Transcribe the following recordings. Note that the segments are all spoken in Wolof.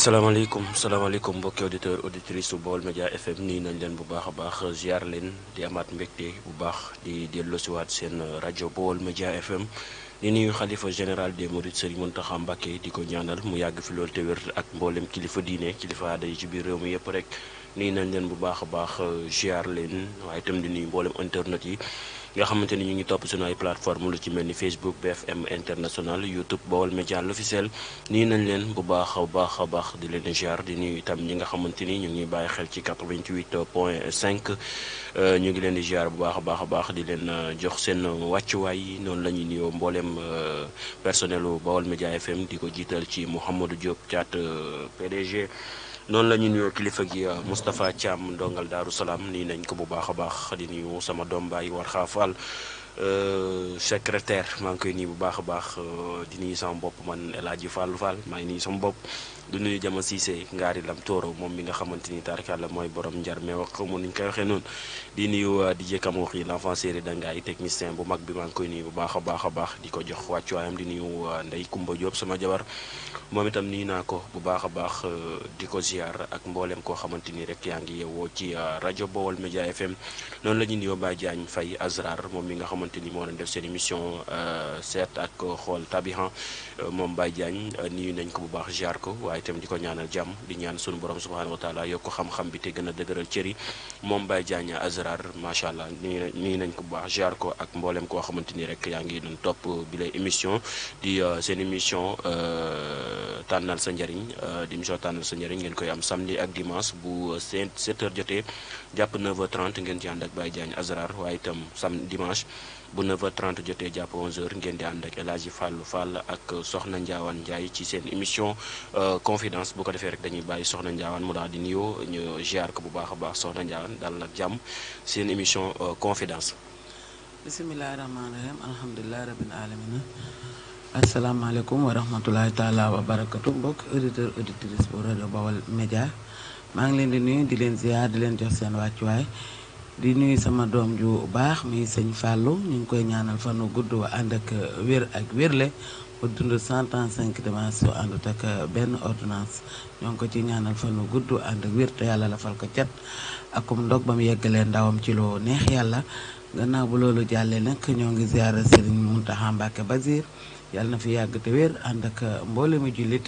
salaamaaleykum salaamaaleykum mbokki auditeur auditrice bu Baol Média FM nii nañ leen bu baax a baax ziar leen di amaat mbégte bu baax di delloosiwaat seen rajo Baol Média FM di nuyu xalifa général des Mourides Serigne Mountakha Mbacké di ko ñaanal mu yàgg fi loolu te wér ak mboolem kilifa diine kilifa aada yi ci biir réew mi yëpp rek. nuyu nañ leen bu baax a baax ziar leen waaye itam di nuyu mboolem internet yi nga xamante ni ñu ngi topp suñu ay plateforme lu ci mel ni Facebook BFM international YouTube Baol Média l'officiel nii nañ leen bu baax a baax a baax di leen ziar di nuyu itam ñi nga xamante ni ñu ngi bàyyi xel ci 88 point 5 euh, ñu ngi leen di ziar bu baax a baax a baax di leen euh, jox seen wàccuwaay yi noonu la ñuy nuyoo mboolem euh, personnelu Baol Média FM di ko jiital ci Mouhamadou Diop Thiat PDG. noonu la ñu nuyoo kilifa gi euh, Moustapha Thiam dongal Daaru Salaam nii nañ ko bu baax a baax di sama doom baay war xaafaal euh, secrétaire maa ngi koy nii bu baax a baax euh, di nuyu sama bopp man El Hadji Fallou Fall maa ngi nii sama bopp. du nuyu jama siisee ngaari lam tooro moom mi nga xamante ni tarkalla mooy borom njar mais wax xawma nuñ koy waxee noonu di nuyu DJ Kamoox yi l'enfant série dangaay technicien bu mag bi maa ngi koy nuyu bu baax a baax a baax di ko jox wàccuwaayam di nuyu euh, Ndey Kumba Jóob sama jabar moom itam nuyu naa ko bu baax a baax euh, di ko ziar ak mbooleem koo xamante ni rek yaa ngi yeewoo ci euh, rajo Bawol Média FM noonu la ñu nuyoo Baye Diagne Faye Azrar moom mi nga xamante ni moo doon def seen émission seet ak xool tabihan moom Baye Diagne nuyu nañ ko bu baax jaar ko waaye waaye di ko ñaanal jàmm di ñaan sunu borom subhanahu wa taala yokk ko xam-xam bi te gën a dëgëral cër moom Baye Diagne Azrar macha allah nii nañ ko bu baax jaar ko ak mboolem koo xamante ni rek yaa ngi doon topp bi lay émission di euh, seen émission euh, tànnal sa njariñ euh, di émission tànnal sa njariñ ngeen koy am samedi ak dimanche bu 7 7 heures jotee jàpp 9 trent ngeen ci ak Baye Diagne Azrar waaye itam sam dimanche. bu 9h30 jotee jàpp 11h ngeen di ànd ak El Hadji Fallou Fall ak Soxna Ndiawane Ndiaye ci seen émission euh, confidence bu ko defee rek dañuy bàyyi Soxna Ndiawane mu daal di nuyoo ñu ziar ko bu baax a baax Soxna Ndiawane dal la jàmm seen émission euh, confidence. bisimilah rahmaani rahim alhamdulilah rabbil alamin asalaamaaleykum wa rahmatulahi taala wa barakatu mbokk auditeur auditrice bu rajo Bawal Média maa ngi leen di nuyu di leen ziar di leen jox seen wàccuwaay. di nuyu sama doom ju baax muy sëñ Fallou ñu ngi koy ñaanal fanu gudd wa ànd ak wér ak wérle mu dund 135 dimension àndut ak benn ordonnance ñoo ngi ko ci ñaanal fanu gudd ànd ak wér te yàlla lafal ko cat akum ndog ba mu yeggalee ndawam ci loo neex yàlla gannaaw bu loolu jàllee nag ñoo ngi ziara sëriñ Muntaxa Mbàkke Basiir yàlla na fi yàgg te wér ànd ak mboole mu jullit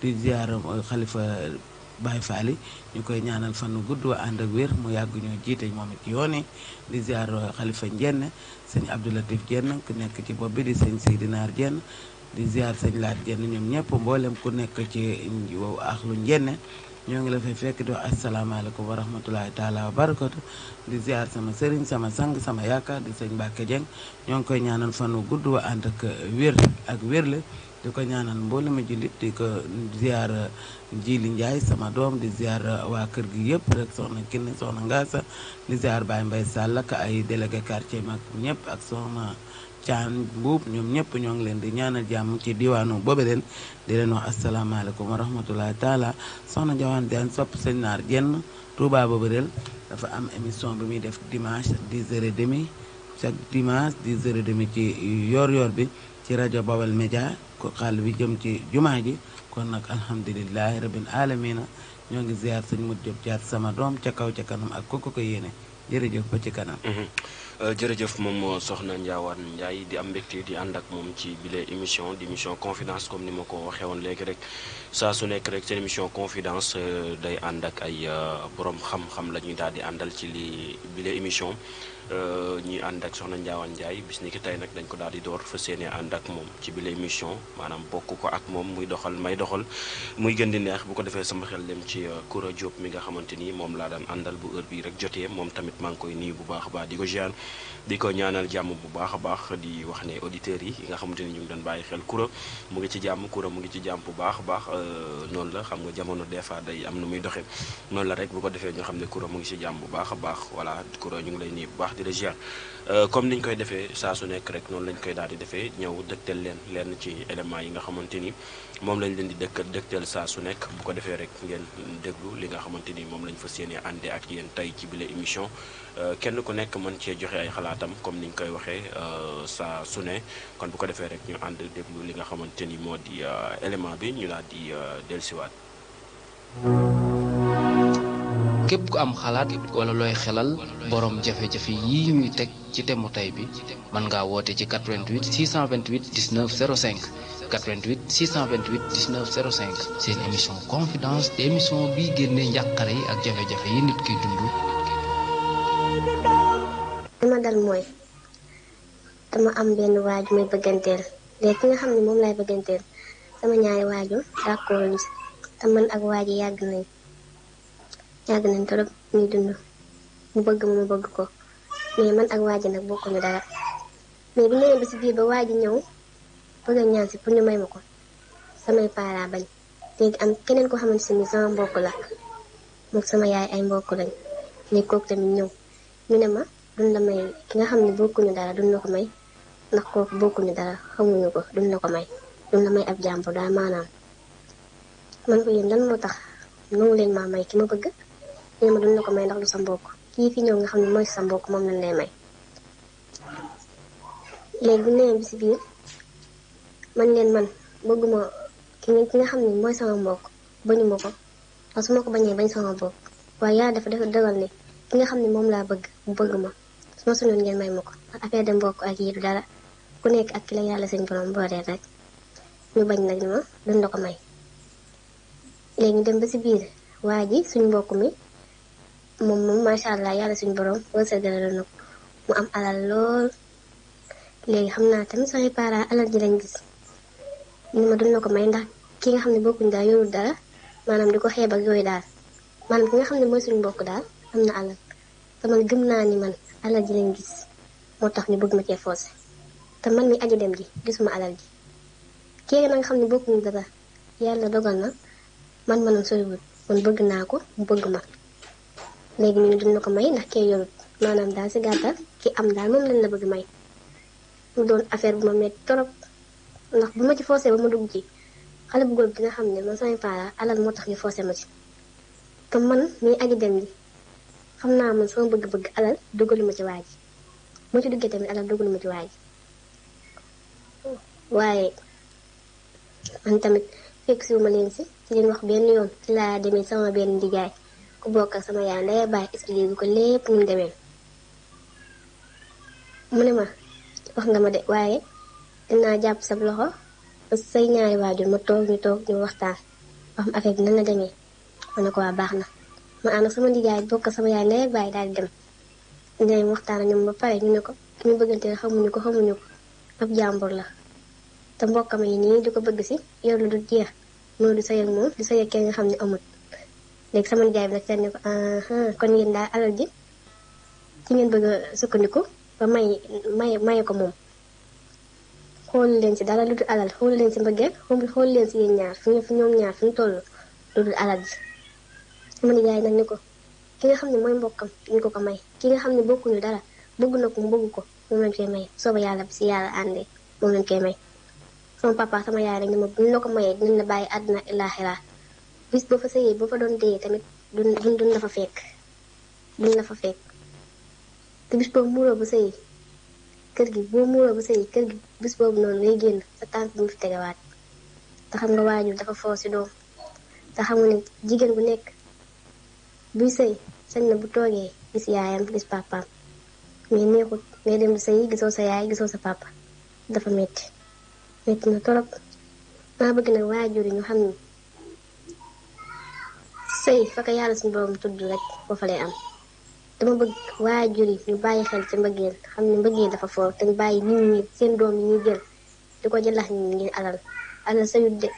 di ziara xalifa Baay Faali ñu koy ñaanal fan wu gudd wa ànd ak wér mu yàgg ñoo jiite moom it yooni di ziar xalifa Ndiène sëñ Abdoulatif Diène ku nekk ci bopp bi di sëñ Seydinaar Diène di ziar sëñ Laat Diène ñoom ñëpp mboolem ku nekk ci axlu Ndiène ñoo ngi la fay fekk di wax asalaamaaleykum wa rahmatulahi taala wa barakatu di ziar sama sëriñ sama sang sama yaakaar di sëñ Mbacke Dieng ñoo ngi koy ñaanal fan wu gudd wa ànd ak wér ak wér la di ko ñaanal mboolem jullit di ko ziar. Njili Ndiaye sama doom di uh, waa kër gi yëpp rek soxna Kine soxna Ngasa di ziar Baye Mbaye Sall ak ay délégué quartier mag ñëpp ak soxna Thian Mbuub ñoom ñëpp ñoo ngi leen di ñaanal jàmm ci diwaanu boobe leen di leen wax asalaamaaleykum wa rahmatullahi taala soxna Jawaan Diagne sopp sëñ naar jenn Touba boobe del dafa am émission bi muy def dimanche 10h30 chaque dimanche 10h30 ci yor-yor bi ci rajo Bawal Média ko xaal bi jëm ci jumaa ji. kon nag alhamdulilahi rabbil alamina ñoo ngi ziar sëñ Modou Diop Diatta sama doom ca kaw ca kanam ak kooku ko yéene jërëjëf ba ci kanam. Mhm. Euh, jërëjëf moom soxna Ndiawane Ndiaye di am mbégte di ànd ak moom ci bile émission di émission confidence comme ni ma ko waxee woon léegi rek saa su nekk rek seen émission confidence euh, day ànd ak ay euh, borom xam-xam la ñuy daal di àndal ci lii bile émission. Euh, ñuy ànd ak soxna Ndiawane njaay bis ni ki tey nag dañ ko daal di door fa séene ànd ak moom ci bile mission maanaam bokk ko ak moom muy doxal may doxal muy gën di neex bu ko defee sama xel dem ci Koura euh, Diop mi nga xamante ni moom laa daan àndal bu heure bii rek jotee moom tamit maa ngi koy nuyu bu baax a baax ko ziar di ko ñaanal jàmm bu baax a baax di wax ne auditeurs yi nga xamante ni ñu ngi doon bàyyi xel Koura mu ngi ci jàmm Koura mu ngi ci jàmm bu baax baax euh, noonu la xam nga jamono des fois day am nu muy doxee rek bu ko defee ñoo xam ne Koura mu ngi ci jàmm bu baax a baax voilà Koura ñu ngi lay nuyu bu baax dirigea ni ñu koy defee saa su nekk rek noonu lañu koy daal di defee ñëw dëgtal leen leen ci éléments yi nga xamante ni moom lañ leen di dëkk dëgtal saa su nekk bu ko defee rek ngeen déglu li nga xamante ni moom lañ fas yéene ànde ak yéen tey ci bile émission euh, kenn ku nekk mën cee joxe ay xalaatam comme ni niñ koy waxee euh, saa su ne kon bu ko defee rek ñu ànd déglu li nga xamante ni moo di euh, élément bi ñu daal di dellusiwaat. képp ku am xalaat wala looy xelal borom jafe-jafe yi ñuy teg ci temu tey bi mën ngaa woote ci 88 628 19 05 88 628 19 05 seen émission confidence te émission bi génnee njàqare yi ak jafe-jafe yi nit ki dund. dama dal mooy dama am benn waaju may bëgganteel léegi ki nga xam ne moom laay bëgganteel sama ñaari waajur d'accord te man ak waaji yàgg nañ yàgg nañ trop ñuy dund mu bëgg ma bëgg ko mais man ak waa ji nag bokkuñu dara mais bu ñu demee ba si biir ba waa ji ñëw bëgg a ñaan si pour ñu may ma ko samay paara bañ léegi am keneen ko xamante ni sama mbokk la moom sama yaay ay mbokk lañ léegi kooku tamit ñëw ñu ne ma duñ la may ki nga xam ne bokkuñu dara duñ ko may ndax kooku bokkuñu dara xamuñu ko duñ la ko may duñ may ab jàmbur daal maanaam man ko yéen lan tax nangu leen maa may ki ma bëgg. nee ma duñ la ko may ndax sa mbokk kii fi ñëw nga xam ne mooy sa mbokk moom lañ lay may léegi bi si biir leen man bëgguma ki nga ki nga xam ne mooy mbokk bañu ma ko que su bañ sama mbokk waaye yaa dafa dafa dogal ne ki nga xam ne moom laa bëgg bu bëgg ma su ma ngeen may ma ko affaire de mbokk ak yi du dara ku nekk ak ki la yàlla seen borom boodee rek ñu bañ nag ni ma duñ ko may léegi dem ba si biir waa ji mbokk mi moom moom macha allah yàlla suñu borom wërsëgal na ko mu am alal lool léegi xam naa tamit samay parents alal ji lañ gis ni ma duñ ko may ndax ki nga xam ne bokkuñ daal maanaam di ko xeeb ak yooyu daal maanaam ki nga xam mooy suñu bokk daal am na alal te man gëm naa ni man alal ji lañ gis moo tax ñu bëgg ma cee forcé te man mi aji dem ji gisuma alal ji kii na nga xam ne bokkuñ dara yàlla dogal na man manam soriwul man bëgg naa ko mu bëgg ma léegi ñu ne duñ la ko may ndax kee yorut maanaam daal si gàttal ki am daal moom lañ la bëgg may mu doon affaire bu ma metti torop ndax bu ma ci forcé ba ma dugg ci xale bu góor bi dina xam ne man samay paara alal moo tax ñu forcé ma ci te man mii naa man sama bëgg-bëgg alal dugalu ci waa ji moo ci duggee tamit alal dugalu ma ci waa waaye man tamit fekk siwu ma leen si ci leen wax benn yoon ci laa demee sama benn ndigaay ku bokk ak sama yaay ndey bàyyi expliqué bi ko lépp mu demee mu ne ma wax nga ma de waaye dinaa jàpp sa loxo ba say ñaari waajur ma toog ñu toog ñu waxtaan wax ma affaire bi nan la demee ma ne ko waa baax na ma ànd ak sama ndijaay bokk sama yaay ndey bàyyi daal dem dinañ waxtaan ak ñoom ba pare ñu ne ko ki ñu bëggante xamuñu ko xamuñu ko ab jàmbur la te mbokkam yi nii di ko bëgg si yow lu du jeex loolu di sa yëg moom di sa yëg kenn nga xam ne amul. léegi sama nijaay bi nag seet ne ko kon yéen daal alal ji ci ngeen bëgg a sukkandiku ba may may maye ko moom xoolu leen si dara lu dul alal xoolu leen si mbëggeel xoolu leen si yéen ñaar fu ñu ñoom ñaar fu ñu toll lu dul alal ji sama nijaay nag ni ko ki nga xam ne mooy mbokkam ñu ko ko may ki nga xam ne bokkuñu dara bëgg na ko mu bëgg ko moom lañ koy may sooba yàlla si yàlla àndee moom lañ koy may sama papa sama yaay rek ni ma buñ la ko mayee dinañ la bàyyi àdduna ilaaxira bis boo fa sëyee boo fa doon dee tamit duñ duñ la fa fekk duñ la fa fekk te bis boobu muuroo bu sëy kër gi boo muuroo bu sëy kër gi bis boobu noonu ngay génn sa tànk bu mu fi te xam nga waajur dafa foo si doom te xamu ne jigéen bu nekk buy sëy sañ na bu toogee gis yaayam gis papaam mais neexut ngay dem di gisoo sa yaay gisoo sa papa dafa metti metti na torop maa bëgg nag waajur yi ñu xam ne sëy faka yàlla suñu borom tudd rek foofa lay am dama bëgg waajur yi ñu bàyyi xel ci mbëggeel xam ne mbëggeel dafa foor te ñu bàyyi nit ñi seen doom yi ñuy jël di ko jëlax nit ñi ngir alal alal sëyut de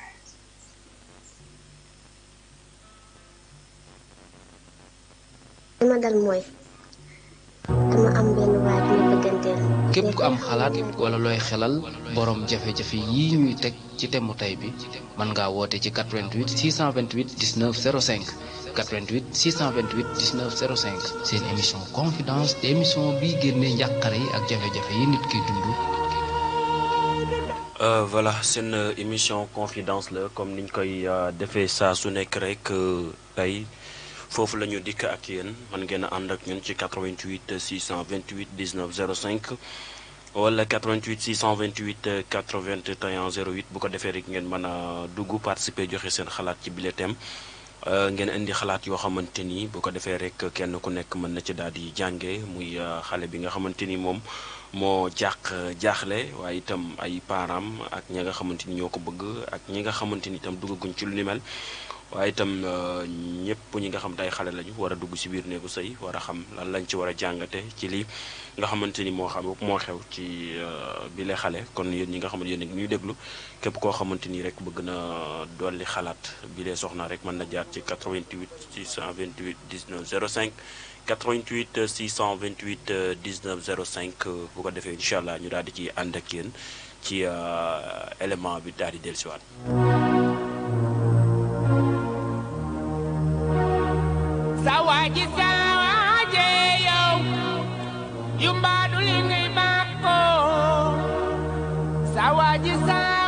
li dal mooy képp ku am xalaat wala looy xelal borom jafe-jafe yii ñuy teg ci temu tey bi mën ngaa woote ci 88 628 19 05 88 628 19 05 seen émission confidence te émission bi génne njàqare yi ak jafe-jafe yi nit ki dund. Euh, voilà seen euh, émission confidence la comme niñ koy euh, defee saa su nekk rekk tey. foofu la ñu dikk ak yéen mën ngeen a ànd ak ñun ci 88 628 19 05 wala 88 628 81 08 bu ko defee rek ngeen mën a dugg participer joxe seen xalaat ci bile thème euh, ngeen indi xalaat yoo xamante ni bu ko defee rek kenn ku nekk mën na ci daal di jànge muy euh, xale bi nga xamante ni moom moo jàq jaaxle waaye itam ay param ak ñi nga xamante ni ñoo ko bëgg ak ñi nga xamante ni itam duggaguñ ci lu ni waaye itam euh, ñëpp ñi nga xam tey xale lañu war a dugg ci biir néegu sëy war a xam lan lañ ci war a jàngate ci lii nga xamante ni moo xam moo xew ci euh, bile xale kon yéen ñi nga xamante yéen ñuy déglu képp koo xamante ni rek bëgg na dolli xalaat bile soxna rek mën na jaar ci 88 628 19 05 88 628 19 05 bu ko defee incha allah ñu daal di ci ànd ak yéen ci euh, élément bi daal di dellusiwaat. sa waaji sa waaje yow yu mbaadu li ngay bàkkoo sa waaji sa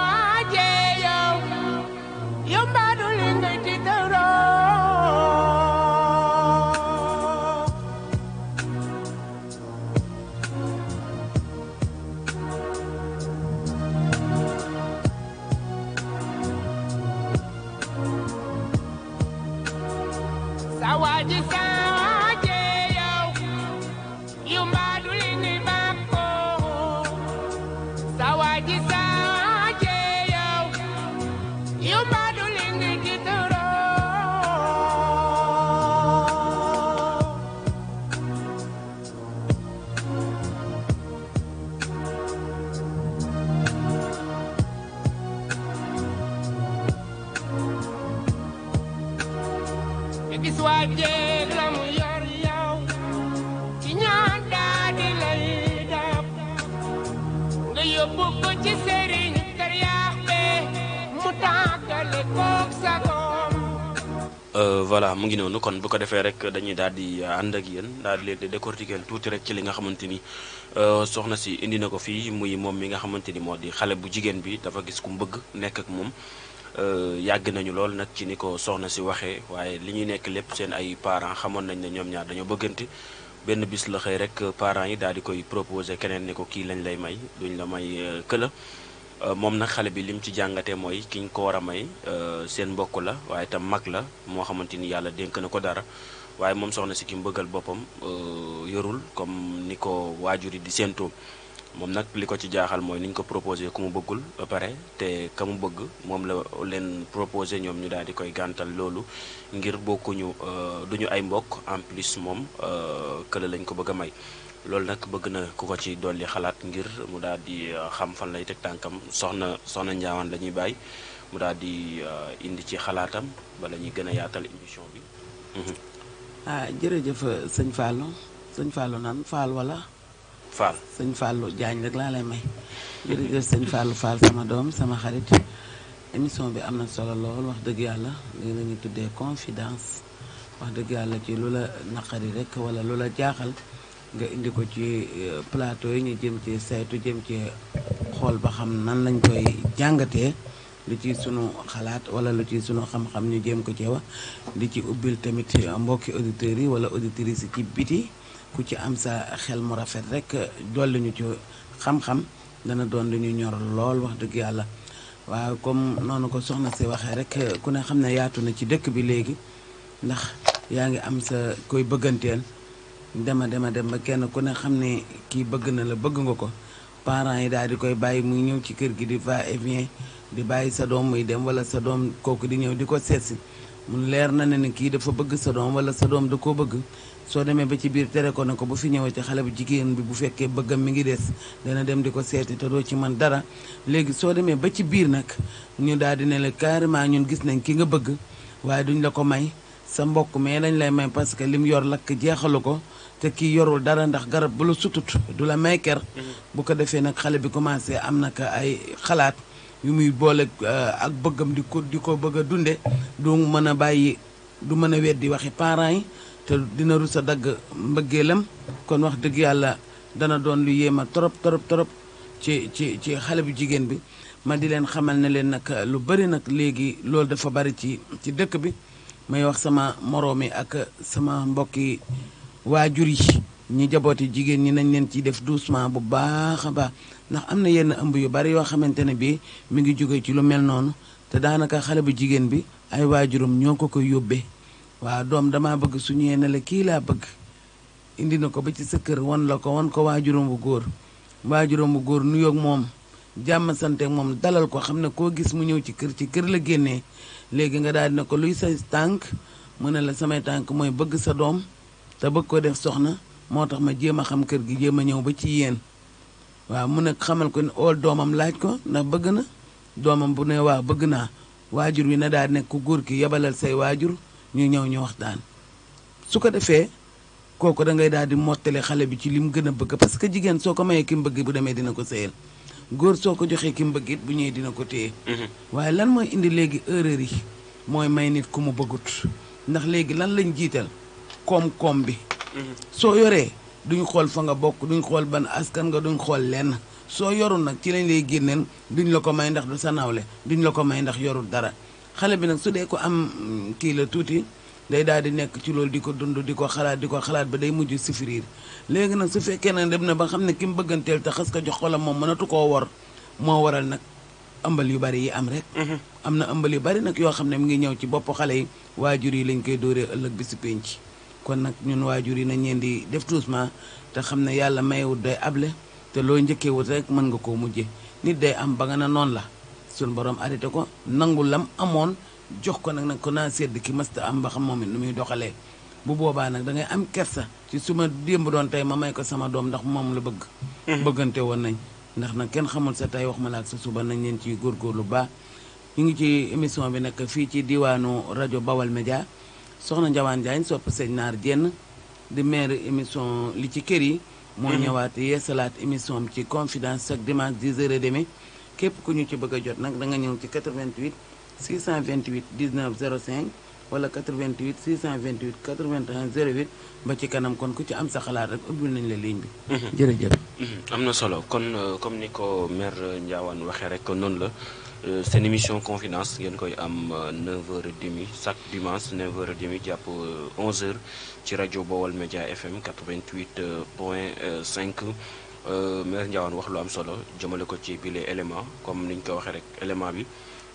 ci sëriñ kër yaax mu tàggale koog sa doom voilà mu ngi noonu kon bu ko defee rek dañuy daal di euh, ànd ak yéen daal di leen di décortiquer tuuti rek ci li nga xamante ni euh, soxna si indi na ko fii muy moom mi nga xamante ni moo di xale bu jigéen bi dafa gis ku bëgg nekk ak moom. Euh, yàgg nañu lool nag ci ni ko soxna si waxee waaye li ñuy nekk lépp seen ay parent xamoon nañ ne ñoom ñaar dañoo bëggante. benn bis la xëy rek euh, parents yi daal di koy proposé keneen ni ko kii lañ lay may duñ la may euh, këla euh, moom nag xale bi lim ci jàngatee mooy ki ñu ko war a may seen mbokk la waaye itam mag la moo xamante ni yàlla denk na ko dara waaye moom soxna si ki mu bëggal boppam yorul comme ni ko waajur yi di séentoo moom nag li ko ci jaaxal mooy ni ko proposé ku mu bëggul ba pare te ka mu bëgg moom la leen proposé ñoom ñu daal di koy gàntal loolu ngir bokkuñu euh, du ñu ay mbokk en plus moom euh, kële lañ ko bëgg a may. loolu nag bëgg na ku ko ci dolli xalaat ngir mu daal di euh, xam fan lay teg tànkam soxna soxna Njaawaan la ñuy bàyyi mu daal di indi ci xalaatam bala ñuy gën a yaatal émission bi. Mhm. ah jërëjëf sëñ Fallou sëñ Fallou naan Fall wala. Fall sëñ Fallou Diagne rek laa lay may jërëjëf sëñ Fallou Fall sama doom sama xarit émission bi am na solo lool wax dëgg yàlla li la ñuy tuddee confidence wax dëgg yàlla ci lu la naqari rek wala lu la jaaxal nga indi ko ci euh, plateau yi ñu jëm ci saytu jëm ci xool ba xam nan lañ koy jàngatee lu ci sunu xalaat wala lu ci sunu xam-xam ñu jëm ko ci wax di ci ubbil tamit mbokki auditeurs yi wala auditrices yi ci biti ku ci am sa xel mu rafet rek dolli ñu ci xam-xam dana doon lu ñu ñor lool wax dëgg yàlla waaw comme noonu ko soxna si waxee rek ku ne xam ne yaatu na ci dëkk bi léegi ndax yaa ngi am sa koy bëgganteel dema dema dem ba kenn ku ne xam ne kii bëgg na la bëgg nga ko parent yi daal di koy bàyyi muy ñëw ci kër gi di va et di bàyyi sa doom muy dem wala sa doom kooku di ñëw di ko seetsi mun leer na ne ni kii dafa bëgg sa doom wala sa doom da koo bëgg soo demee ba ci biir tere ko ne ko bu fi ñëwee ci xale bu jigéen bi bu fekkee bëggam mi ngi des dana dem di ko seeti te doo ci man dara léegi soo demee ba ci biir nag ñu daal di ne la carrément ñun gis nañ ki nga bëgg waaye duñ la ko may sa mbokk mais dañ lay may parce que lim yor lakk jeexalu ko te kii yorul dara ndax garab bu la sutut du la may ker mm-hmm. bu ko defee nag xale bi commencé am na ka ay xalaat yu muy boole euh, ak bëggam di ko di ko bëgg a dunde du mën a bàyyi du mën a weddi waxi parents yi te dina rus a dagg mbëggeelam kon wax dëgg yàlla dana doon lu yéema trop trop trop ci ci ci xale bu jigéen bi ma di leen xamal na leen nag lu bari nag léegi loolu dafa bari ci ci dëkk bi may wax sama moroom yi ak sama mbokki waajur yi ñi jabooti jigéen ñi nañ leen ciy def doucement bu baax a baax ndax am na yenn ëmb yu bari yoo xamante ne bii mi ngi jóge ci lu mel noonu te daanaka xale bu jigéen bi ay waajuram ñoo ko koy yóbbee waaw doom dama bëgg su ñëwee la kii laa bëgg indi na ko ba ci sa kër wan la ko wan ko waajuram wu góor waajuram bu góor nuyoog moom jàmm sante moom dalal ko xam ne koo gis mu ñëw ci kër ci kër la génnee léegi nga daal ne ko luy say tànk mu ne la samay tànk mooy bëgg sa doom te bëgg ko def soxna moo tax ma jéem a xam kër gi jéem a ñëw ba ci yéen waaw mu ne xamal ko ne ool doomam laaj ko ndax bëgg na doomam bu ne waa bëgg naa waajur wi na daal nekk ku góor ki yebalal say waajur ñu ñëw ñu waxtaan su ko defee kooku da ngay daal di mottale xale bi ci li mu gën a bëgg parce que jigéen soo ko mayee ki mu bu demee dina ko sëyal góor soo ko joxee ki mu bu ñëwee dina ko téye. Mm-hmm. waaye lan mooy indi léegi erreur yi mooy may nit ku mu bëggut ndax léegi lan lañ jiital koom-koom bi. Mm-hmm. soo yoree duñ xool fa nga bokk duñ xool ban askan nga duñ xool lenn. soo yorul nag ci lañ lay génneen duñ la ko may ndax du sa nawle duñ la ko may ndax yorul dara xale bi nag su dee ko am mm, kii la tuuti day daal di nekk ci loolu di ko dund di ko xalaat di ko xalaat ba day mujj souffrir léegi nag su fekkee nag dem na ba xam ne ki mu bëgganteel te xas ko jox ko la moom mënatu koo wor moo waral nag ëmbal yu bari yi am rek. Mhm. am na ëmbal yu bari nag yoo xam ne mu ngi ñëw ci bopp xale yi waajur yi lañ koy dóoree ëllëg bi si penc. kon nag ñun waajur yi nañ ñeen di def doucement te xam ne yàlla mayewut day able te loo njëkkee rek mën nga koo mujjee nit day am ba na noonu la. suñu borom arrêté ko nangu lam amoon jox ko nag nag ko naa sedd ki masta am ba xam moom it nu muy doxalee bu boobaa nag dangay am kersa ci su ma démb doon tey ma may ko sama doom ndax moom la bëgg mhm. bëggante woon nañ ndax nag kenn xamul sa tey wax ma laak sa suba nañ leen ciy góorgóorlu baax ñu ngi ci émission bi nag fii ci diwaanu rajo Bawal Média soxna Njawaan Diagne sopp sëñ naar jenn di maire émission li ci kër yi moo mhm. ñëwaat yeesalaat émission ci confidence chaque dimanche 10 heures et demie képp ku ñu ci bëgg a jot nag da nga ñëw ci 88 628 19 05 wala 88 628 81 08 ba ci kanam kon ku ci am sa xalaat rek ubbil nañ la ligne bi. Mhm. jërëjëf. Mhm. am na solo kon euh, comme ni ko maire Ndiawane waxee rek noonu la. Euh, seen émission confidence ngeen koy am 9h30 euh, chaque dimanche 9h30 jàpp 11h ci rajo Bawol Média FM 88 point cinq Euh, maire Ndiawane wax lu am solo jëmale ko ci bile élément comme ni ñu ko waxee rek élément bi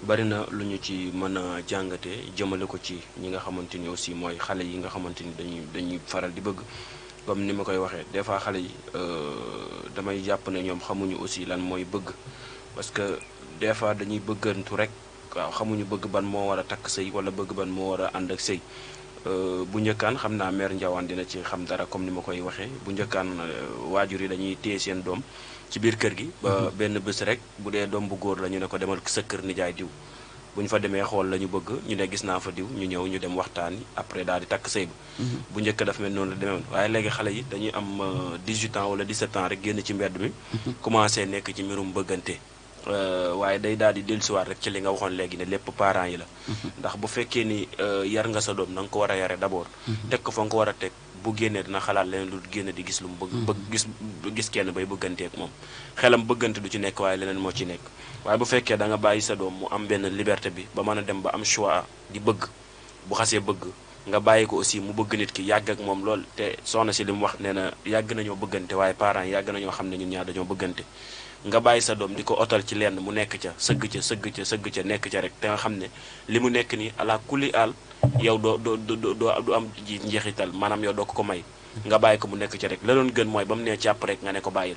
bari na lu ñu ci mën a jàngate jëmale ko ci ñi nga xamante ni aussi mooy xale yi nga xamante ni dañuy dañuy faral di bëgg comme ni ma koy waxee des fois xale yi euh, damay jàpp ne ñoom xamuñu aussi lan mooy bëgg parce que des fois dañuy bëggantu rek waaw xamuñu bëgg ban moo war a takk sëy wala bëgg ban moo war a ànd ak sëy Euh, bu njëkkaan xam naa maire Ndiawane dina ci xam dara comme ni ma koy waxee bu njëkkaan euh, waajur yi dañuy téye seen doom ci biir kër gi. ba mhm. benn bés rek bu dee doom bu góor la ñu ne ko demal sa kër nijaay diw. bu ñu fa demee xool la ñu bëgg ñu ne gis naa fa diw ñu ñëw ñu dem waxtaan après daal di takk sëy ba mhm. bu njëkk dafa mel noonu la demee waaye léegi xale yi dañuy am 18 euh, ans wala 17 ans rek génn ci mbedd mi. Mhm. commencé nekk ci mbirum bëggante. Euh, waaye day daal di dellusiwaat rek ci li nga waxoon léegi ne lépp parents yi la. Mhm. ndax bu fekkee ni euh, yar nga sa doom na nga ko war a yare d'abord. Mhm. teg ko fa nga ko war a teg bu génnee dina xalaat leneen lu génn di gis lu mu bëgg. Mhm. bëgg gis gis kenn bay bëgganteeg moom xelam bëggante du ci nekk waaye leneen moo ci nekk waaye bu fekkee danga bàyyi sa doom mu am benn liberté bi ba mën a dem ba am choix di bëgg bu xasee bëgg. nga bàyyi ko aussi mu bëgg nit ki yàgg ak moom lool te soxna si li mu wax nee na yàgg nañoo bëggante waaye parents yàgg nañoo xam ne ñun ñaar dañoo bëggante nga bàyyi sa doom di ko otal ci lenn mu nekk ca sëgg ca sëgg ca sëgg ca nekk ca rek te nga xam ne li mu nekk nii ala kulli al yow doo doo doo du am ji njeexital maanaam yow doo ko ko may nga bàyyi ko mu nekk ca rek la doon gën mooy ba mu nee càpp rek nga ne ko bàyyil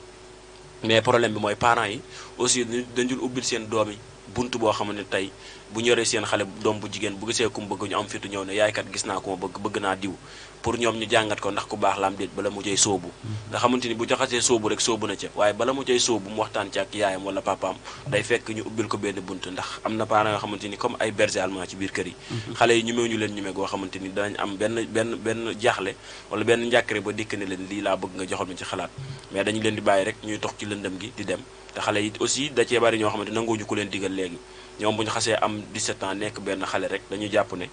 mais problème bi mooy parents yi aussi dañu ubbil seen doom yi bunt boo xam ne tey bu ñoree seen xale doom bu jigéen bu gisee ku mu bëgg ñu am fitu ñëw ne yaay kat gis naa ko ma bëgg bëgg naa diw pour ñoom ñu jàngat ko ndax ku baax la am déet bala mu cay sóobu nga xamante ni bu jaxasee sóobu rek sóobu na ca waaye bala mu cay sóobu mu waxtaan ci ak yaayam wala papaam day fekk ñu ubbil ko benn bunt ndax am na parents nga xamante ni comme ay berger allemand ci biir kër yi mhm. xale yi ñu meew ñu leen ñu mee goo xamante ni danañ am benn benn benn jaaxle wala benn njàkkare ba dikk ne leen lii laa bëgg nga joxal ma ci xalaat mais dañu leen di bàyyi rek ñuy tox ci lëndëm gi di dem te xale yi aussi da bari ñoo xamante nangoo ñu ko leen digal léegi ñoom bu ñu xasee am 17 ans nekk benn xale rek dañu jàpp ne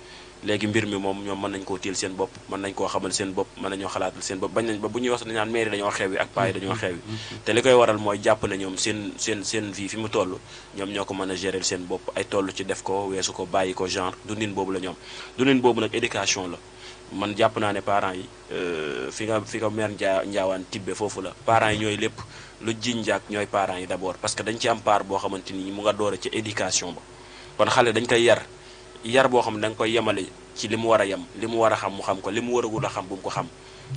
léegi mbir mi moom ñoom mën nañ koo tiil seen bopp mën nañ koo xamal seen bopp mën nañoo xalaatal seen bopp bañ nañ ba bu ñuy wax dañ naan mairie yi dañoo xew yi mm-hmm. mm-hmm. te li koy waral mooy jàpp ne seen seen seen vie fi mu toll ñoom ñoo ko mën a gérer seen bopp ay toll ci def ko weesu ko bàyyi ko genre dundin boobu la ñoom dundin boobu nag éducation la man jàpp naa ne parents yi euh, fi nga fi nga meer njaa njaawaan tibbe foofu la parents yi lépp lu jinjaak ñooy parents yi d'abord parce que dañ ci am part boo xamante ni mu nga doore ci éducation ba kon xale dañ koy yar yar boo xam ne da nga koy yemale ci li mu war a yem li mu war a xam mu xam ko li mu waragul a xam bu mu ko xam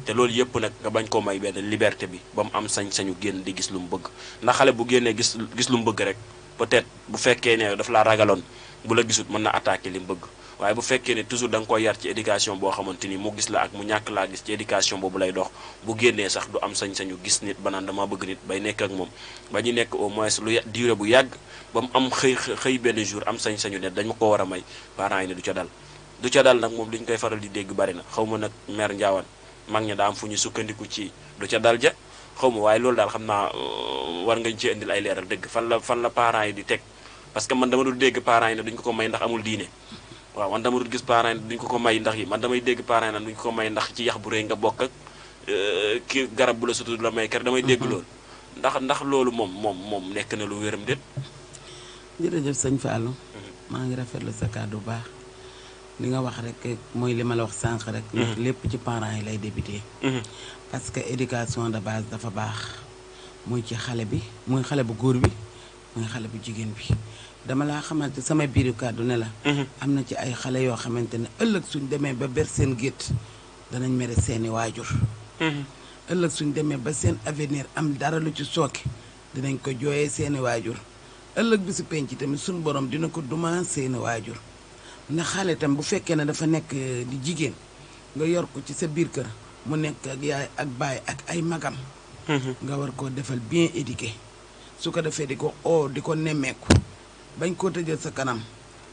te loolu yëpp nag nga bañ koo may benn liberté bi ba mu am sañ-sañu génn di gis lu mu bëgg ndax xale bu génnee gis gis lu mu bëgg rek peut-être bu fekkee ne daf laa ragaloon bu la gisut mën na attaquer li mu bëgg waaye bu fekkee ne toujours da nga koy yar ci éducation boo xamante ni mu gis la ak mu ñàkk laa gis ci éducation boobu lay dox bu génnee sax du am sañ-sañu gis nit ba naan dama bëgg nit bay nekk ak moom ba ñu nekk au moins lu durée bu yàgg ba mu am xëy xëy benn jour am sañ-sañu ne dañ ma ko war a may parents yi ne du ca dal du ca dal nag moom li koy faral di dégg bari na xaw ma nag mère Ndiawane mag ña daa am fu ñu sukkandiku ci du ca dal ja xawma waaye loolu daal xam naa euh, war ngañ ci indil ay leeral dëgg fan la fan la parent yi di teg parce que man dama dul dégg parents yi ne duñ ko ko ndax amul diine waaw man dama dul gis parents yi duñ ko ko may ndax yi man damay dégg parents yi naan duñ ko ko may ndax ci yax bu rëy nga bokk ak euh, ki garab bu la sutu la may kër damay dégg mhm. loolu ndax ndax loolu moom moom moom nekk na lu wéram déet jërëjëf sëñ Fallou mhm. maa ngi rafet rafetlu sa kàddu baax li nga wax rek mooy li ma la wax sànq rek ndax mhm. lépp ci parent yi lay débuté parce que éducation de base dafa baax muy ci xale bi muy xale bu góor bi muy xale bu jigéen bi dama laa xamante sama biiru kàddu ne la. Mhm. am na ci ay xale yoo xamante ne ëllëg suñ demee ba ber seen gétt danañ mere seeni waajur. Mhm. ëllëg suñ demee ba seen avenir am dara lu ci sooke dinañ ko jooyee seeni waajur ëllëg bi si penc tamit suñ borom dina ko dumaa seeni waajur ndax xale tam bu fekkee ne dafa nekk eh, di jigéen nga yor ko ci sa biir kër mu nekk ak yaay ak baay ak ay magam. Mhm. nga war koo defal bien éduqué su ko defee di ko oo di ko nemmeeku. bañ koo tëjal sa kanam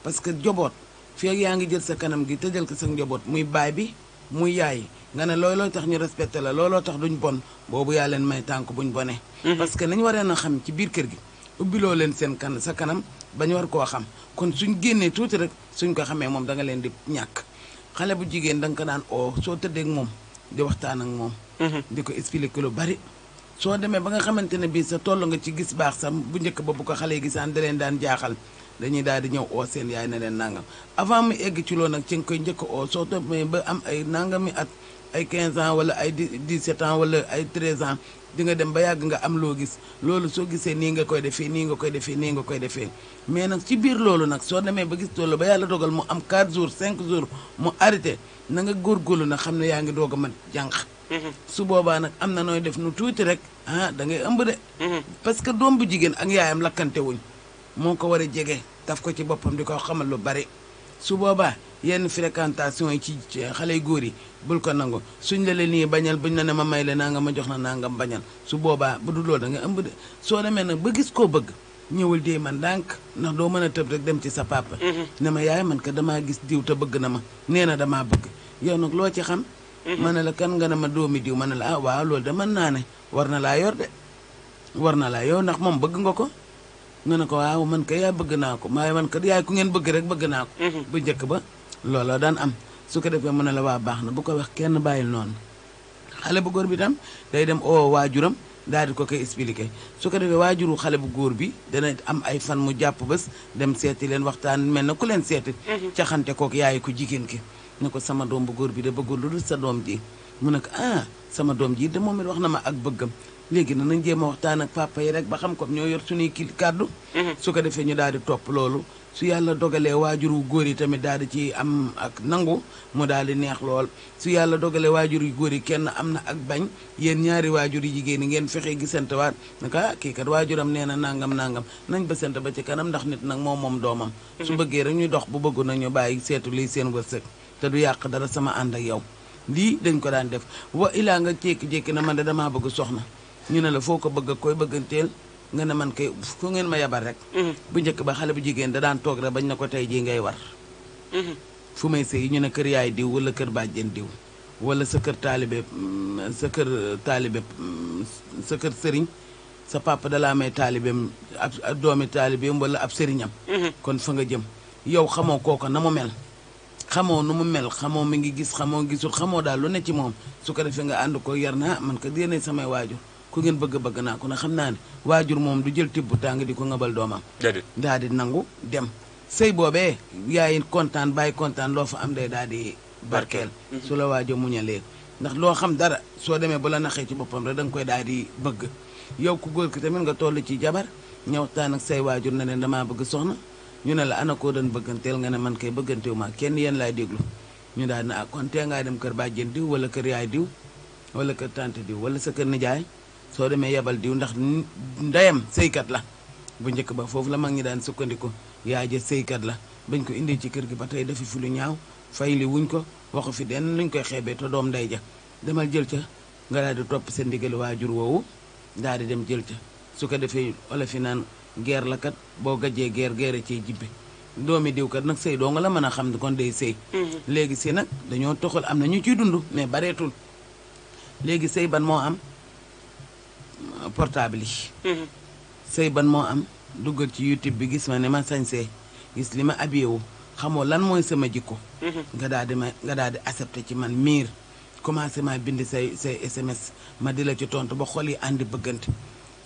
parce que njaboot fii ak yaa ngi jël sa kanam gi tëjal ko sa njaboot muy baay bi muy yaay nga ne looloo tax ñu respecté la looloo tax duñ bon boobu yaa leen may tànk buñ bone mhm. parce que nañ waree na xam ci biir kër gi ubbiloo leen seen kan sa kanam bañ war koo xam kon suñ génnee tuuti rek suñ ko xamee moom da nga leen di ñàkk xale bu jigéen da ko daan oo soo tëddeek moom di waxtaan ak moom mhm. di ko expliquer lu bari soo demee ba nga xamante ne bii sa toll nga ci gis baax sa bu njëkk ba bu ko xale yi gisaan da leen daan jaaxal dañuy daal di ñëw oo seen yaay ne leen nangam avant mu egg ci loolu nag ci nga koy njëkk oo soo demee ba am ay nangami at ay 15 ans wala ay 17 ans wala ay 13 ans di nga ba yàgg nga am loo gis loolu soo gisee nii nga koy defee nii nga koy defee nii nga koy defee mais nag ci biir loolu nag soo demee ba gis loolu ba yàlla dogal mu am 4 jours 5 jours mu arrêté na nga góorgóorlu na xam ne yaa ngi doog a mën jànq su boobaa nag am na nooy def nu tuuti rek ah da ngay ëmb de. Mhm. parce que doom bu jigéen ak yaayam lakkante wuñ moo ko war a jege taf ko ci boppam di ko xamal lu bari su boobaa yenn fréquentation yi ci xale yu góor yi bul ko nangu suñ la leen nii bañal buñ la ne ma may la nga ma jox la nangam bañal su boobaa bu dul loolu da nga ëmb de soo demee nag ba gis koo bëgg. ñëwul dee man ndànk ndax doo mën a tëb rek dem ci sa papa. Mhm. ne ma yaay man ko damaa gis diw bëgg na ma nee na damaa bëgg yow loo ci xam Mhm. ma ne la kan nga ne ma doomi diw ma ne la ah waaw loolu de mën naa ne war na laa yor de war na laa yow ndax moom bëgg nga ko nga ne ko waaw mën kay yaa bëgg naa ko waaye man kat yaay ku ngeen bëgg rek bëgg naa ko mhm. bu njëkk ba looloo daan am su ko defee mu na la waa baax na bu ko wax kenn bàyyil noonu xale bu góor bi tam day dem oo waajuram daal di ko koy expliqué su ko waajuru xale bu góor bi dana am ay fan mu jàpp bés dem seeti leen waxtaan mel na ku leen seeti mhm. caxante kook yaay ku jigéen ki na ko sama doom bu góor bi de bëggul lu dul sa doom ji mu ne ko ah sama doom ji de moom it wax na ma ak bëggam léegi danañ jéem a waxtaan ak papa yi rek ba xam ko ñoo yor suñuy kii kàddu mhm. su ko defee ñu daal di topp loolu su yàlla dogalee waajur wu góor yi tamit daal di ci am ak nangu mu daal di neex lool su yàlla dogalee waajur yu góor yi kenn am na ak bañ yéen ñaari waajur yu jigéen yi ngeen fexe gisante waat naka ah, kii kat waajuram nee na nangam nangam nañ bësante ba ci kanam ndax nit nag moom moom doomam su mhm. bëggee rek ñu dox bu bëggu nag ñu bàyyi seetu liy seen wërsëg te du yàq dara sama ànd ak yow lii dañ ko daan def wa ilaa nga jékki-jékki na man de damaa bëgg soxna ñu ne la foo ko bëgg koy bëgganteel nga ne man kay fu ngeen ma yabal rek. Mhm. bu njëkk ba xale bu jigéen da daan toog rek bañ na ko tey jii ngay war. Mhm. fu may sëy ñu ne kër yaay diw wala kër bàjjen diw wala sa kër taalibe mm, sa kër mm, kër sëriñ sa papa dalaa may taalibeem ab doomi taalibeem wala ab sëriñam. Mhm. kon fa nga jëm yow xamoo kooko na mu mel. xamoo nu mu mel xamoo mi ngi gis xamoo gisul xamoo daal lu ne ci moom su ko defee nga ànd ko yar na man ko yéene samay waajur ku ngeen bëgg bëgg naa ko na xam naa ne waajur moom du jël tibb tàng di ko ngabal doomam. déedéet daal di nangu dem. sëy boobee yaay kontaan bàyyi kontaan loo fa am day daal di barkeel. Mhm. su la waajur muñalee ndax loo xam dara soo demee ba la naxee ci boppam rek da nga koy daal di bëgg yow ku góor ki tamit nga toll ci jabar ñëw waxtaan waajur ne leen damaa bëgg soxna. ñu ne la ana koo doon bëgganteel nga ne man kay bëggantewu ma kenn yéen laay déglu ñu daan na ak ah, kon tee ngaa dem kër bàjjen diw wala kër yaay diw wala kër tante diw wala sa kër nijaay soo demee yebal diw ndax ndeyam sëykat la bu njëkk ba foofu la mag ñi daan sukkandiku yaay ja sëykat la bañ ko indee ci kër gi ba tey dafa fi lu ñaaw fay li wuñ ko waxu fi denn luñ koy xeebee te doom nday ja demal jël ca nga daal di topp sa ndigal waajur woowu daal di dem jël ca su ko defee olof naan geer la kat boo gajee geer geere cee jibbe doomi diw kat nag sëy doo nga la mën a xam ne kon day sëy mhm. léegi si nag dañoo toxal am na ñu ciy dund mais bareetul léegi sëy ban moo am portable mhm. ban moo am duggal ci youtube bi gis ma ne ma sañsee gis li ma abiyewu xamoo lan mooy sama jikko mhm. nga daal di ma nga daal di accepté ci man miir commencé ma bind say say sms ma di la ci tontu ba xol yi àndi bëggante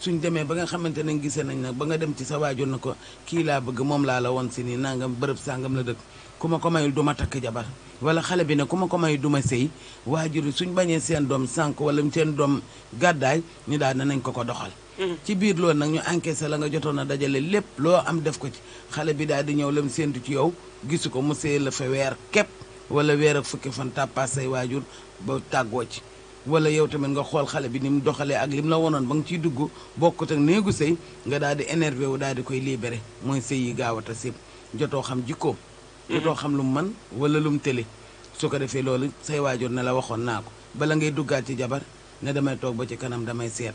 suñ demee ba nga xamante ne gisee nañ nag ba nga dem ci sa waajur na ko kii laa bëgg moom laa la woon si nii nangam bërëb sàngam la dëkk ku ma ko mayul duma takk jabar wala xale bi ne ku ma ko may duma sëy waajur suñ bañee seen doom sànq wala seen doom gàddaay ñu daal danañ ko ko doxal mm-hmm. ci biir loolu nag ñu encaissé la nga jotoon a dajale lépp loo am def ko ci xale bi daal di ñëw lam séentu ci yow gisu ko mu sëy la fa weer képp wala weer ak fukk fan tàppaas say waajur ba tàggoo ci wala yow tamit nga xool xale bi ni mu doxalee ak lim la wonoon ba nga ciy dugg bokkut ak gu sëy nga daal di énervé wu daal di koy libéré mooy sëy yi gaaw a tas jotoo xam jikkoom. Mm-hmm. jotoo xam lu mu wala lu mu tële su ko defee loolu say waajur ne la waxoon naa ko bala ngay duggaat ci jabar ne damay toog ba ci kanam damay seet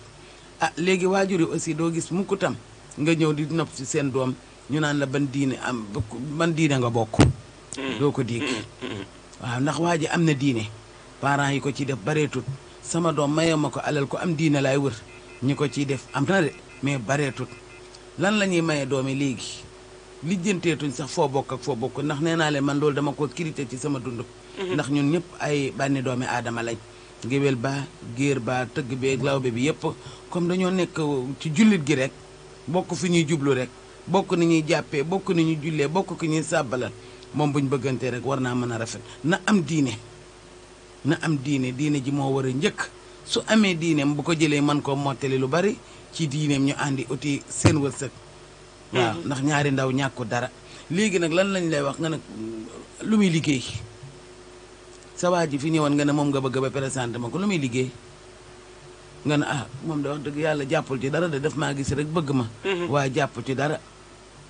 ah léegi waajur yi aussi doo gis mukk tam nga ñëw di nopp si seen doom ñu naan la ban diine am ban diine nga bokk. Mm-hmm. doo ko dégg. Mm-hmm. waaw ndax waa ji am na diine. parents yi ko ciy def bareetut sama doom maye ma ko alal ko am diine laay wër ñi ko ciy def am na de mais bareetut lan la ñuy maye doom yi léegi lijjanteetuñ sax foo bokk ak foo bokk ndax nee naa leen man loolu dama ko crité ci sama dund. Mhm. ndax ñun ñëpp ay bànni doomi aadama lañ. géwél ba géer ba tëgg beeg lawbe bi yëpp comme dañoo nekk ci jullit gi rek bokk fi ñuy jublu rek bokk ni ñuy jàppee bokk ni ñuy jullee bokk ki ñuy sàbbalal moom buñ bëggantee rek war naa mën a rafet na am diine. na am diine diine ji moo war njëkk su amee diineem bu ko jëlee man koo mottali lu bari ci diineem ñu àndi uti seen wërsëg. waaw mm-hmm. ndax ñaari ndaw ñàkku dara. léegi nag lan lañ lay wax nga ne lu muy liggéey sa ji fi ñëwoon nga ne moom nga bëgg ba présenté ma ko lu muy liggéey nga ne ah moom da dëgg yàlla jàppul ci dara de def maa gis rek bëgg ma. Mm-hmm. waaye jàpp ci dara.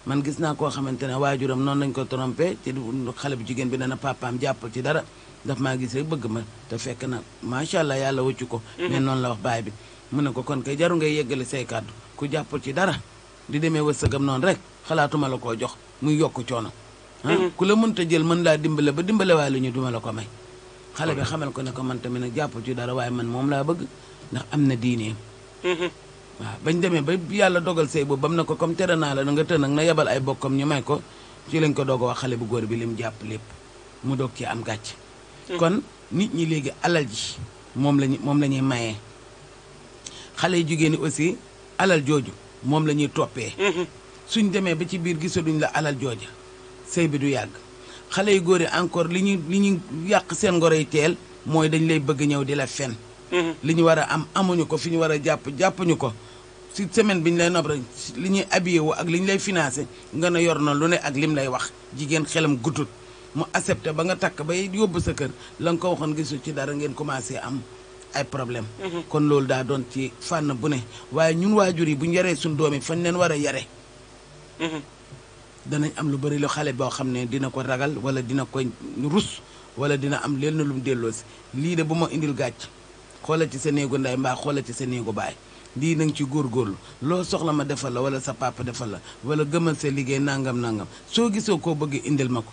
man gis naa koo xamante ne waajuram noonu lañ ko trompé ci xale bu jigéen bi dana papaam jàppul ci dara. daf maa gisee bëgg ma te fekk na macha allah yàlla wëccu ko. Mhm. mais noonu la wax baay bi. mu ne ko kon kay jaru ngay yeggale say kàddu ku jàppul ci dara di demee wërsëgam noonu rek xalaatuma la koo jox muy yokk coono. Ah mhm. ku la mënta jël mën laa dimbale ba dimbale waaye lu ñu duma la ko may. xale bi xamal ko ne ko man tamit nag jàppul ci dara waaye man moom laa bëgg ndax am na diine. Mhm. waaw bañ demee ba yàlla dogal sëy boobu bam na ko comme tere naa la nga tën nag na yebal ay bokkam ñu may ko ci lañ ko doog a wax xale bu góor bi lim jàpp lépp mu doog ci am gàcc kon nit ñi léegi alal ji moom lañu moom la ñuy mayee xale yu jigéen ñi aussi alal jooju moom la ñuy toppee mm-hmm. suñ demee ba ci biir gisaduñ la alal jooja sëy bi du yàgg xale yu góor yi encore li ñuy li ñu yàq seen ngoro yi teel mooy dañ lay bëgg ñëw di la fen mm-hmm. li ñu war a am amuñu ko fi ñu war a jàpp jàppuñu ko si semaine bi ñu lay nopp rek li ñuy habillé wu ak li ñu lay financé nga ne yor na lu ne ak lim lay wax jigéen xelam guddut mu accepté ba nga takk ba yóbbu sa kër la nga ko waxoon gisu ci dara ngeen commencé am ay problème mhm. kon loolu daa doon ci fànn bu ne waaye ñun waajur yi bu ñu yaree suñ doom yi fañ leen war a yare mhm. danañ am lu bari lu xale boo xam ne dina ko ragal wala dina ko rus wala dina am lenn lu mu delloosi lii de bu ma indil gàcc xoola ci sa néegu ndey mbaa xoola ci sa néegu baay lii na nga góor góorgóorlu loo soxla ma defal la wala sa papa defal la wala gëmal sa liggéey nangam nangam soo gisoo koo bëgg indil ma ko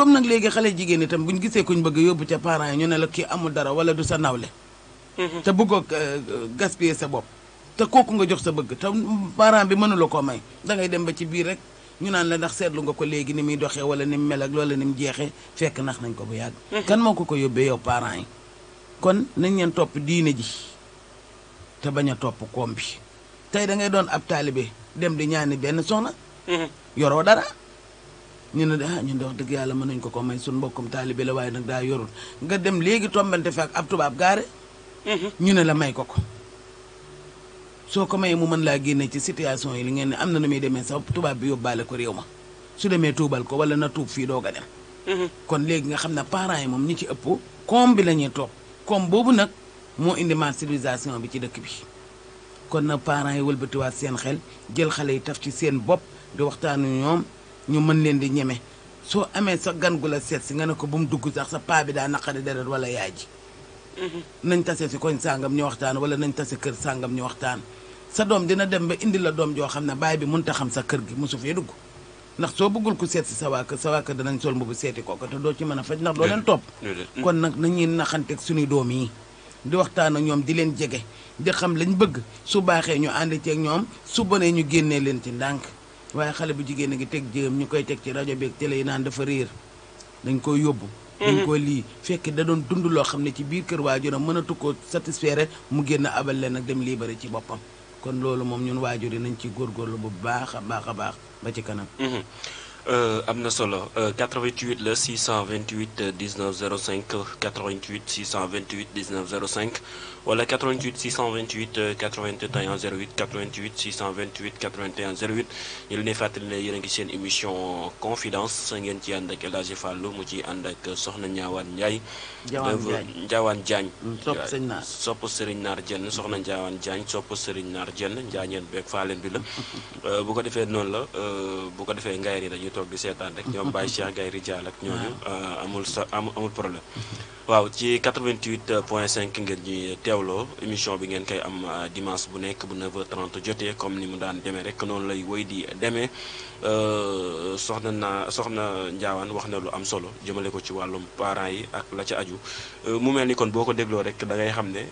comme nag léegi xale jigéen itam bu ñu gisee kuñ bëgg yóbbu ca parents yi ñu ne la ki amul dara wala du sa nawle mhm. te bëggoo euh, gaspiller sa bopp te kooku nga jox sa bëgg te parent bi mënula koo may dangay dem ba ci biir rek ñu naan la ndax seetlu nga ko léegi ni muy doxee wala ni mu mel ak loola ni mu jeexee fekk nax nañ ko bu yàgg mhm. kan moo ko ko yóbbee yow parents yi kon nañ leen topp diine ji te bañ a topp koom bi tey da ngay doon ab taalibe dem di ñaani benn soxna mhm. yoroo dara ñu ne ah ñu de wax dëgg yàlla mën nañ ko ko may suñ mbokkum taalibe la waaye nag daa yorul nga dem léegi tombante fa ak ab tubaab gaare mhm. ñu ne la may ko ko soo ko mayee mu mën laa génne ci situation yi li ngeen ne am na nu muy demee sax tubaab bi yóbbaale ko réew ma su demee tuubal ko wala na tuub fii doo a mhm. kon léegi nga xam ne parents yi moom ñi ci ëpp koom bi la ñuy toog koom boobu nag moo indi ma civilisation bi ci dëkk bi kon na yi wëlbatiwaat seen xel jël xale yi taf ci seen bopp ñu mën leen di ñeme soo amee sa gan gu la seet si nga ne ko bu mu dugg sax sa paa bi daa naqari deret wala yaay ji mhm. nañ tase si koñ sàngam ñu waxtaan wala nañ tase kër sàngam ñu waxtaan sa doom dina dem ba indi la doom joo xam ne baay bi mun ta xam sa kër gi mosu fee dugg ndax soo bëggul ku seet si sa waa kër sa waa kër danañ sol mbubu seeti ko te doo ci mën a faj ndax doo leen topp mm. kon nag nañuy naxanteeg suñuy doom yi di waxtaan ak ñoom di leen jege di xam lañ bëgg su baaxee ñu ànd ceeg ñoom su bonee ñu génnee leen ci ndànk waaye xale bu jigéen a ngi teg jëm ñu koy teg ci rajo beeg télé yi naan dafa réer dañ koy yóbbu mhm. dañ koy lii fekk da doon dund loo xam ne ci biir kër waajuram mënatu ko satisfaire mu génn abal leen ak dem lii libéré ci boppam kon loolu moom ñun waajur yi nañ ci góor góorgóorlu bu baax a baax a baax ba ci kanam mhm. euh, am na solo 88 euh, la 628 19 05 88 628 19 05 wala 88 628 81 08 88 628 81 08 ñu leen di fàttali ne yéen a ngi seen émission confidence ngeen ci ànd ak El Hadji Fallou mu ci ànd ak soxna Ndiawane Ndiaye. Ndiawane jaañ mm, sopp Serigne Naar sopp Serigne Naar Dieng soxna Ndiawane Diagne sopp Serigne Naar Dieng njaañeen beeg faaleen bi la euh, bu ko defee noonu la euh, bu ko defee ngayri dañuy toog di seetaan rek ñoom Baye Cheikh Gayri jaal ak ñooñu ah. euh, amul sa amul problème waaw ci 88 point 5 ngeen ñi teewloo émission bi ngeen koy am euh, dimanche bu nekk bu 9 h jotee comme ni mu daan demee rek noonu lay woy di demee euh, soxna naa soxna Ndiawane wax na lu am solo jëmale ko ci wàllum parent yi ak la ca aju euh, mu mel ni kon boo ko dégloo rek da ngay xam ne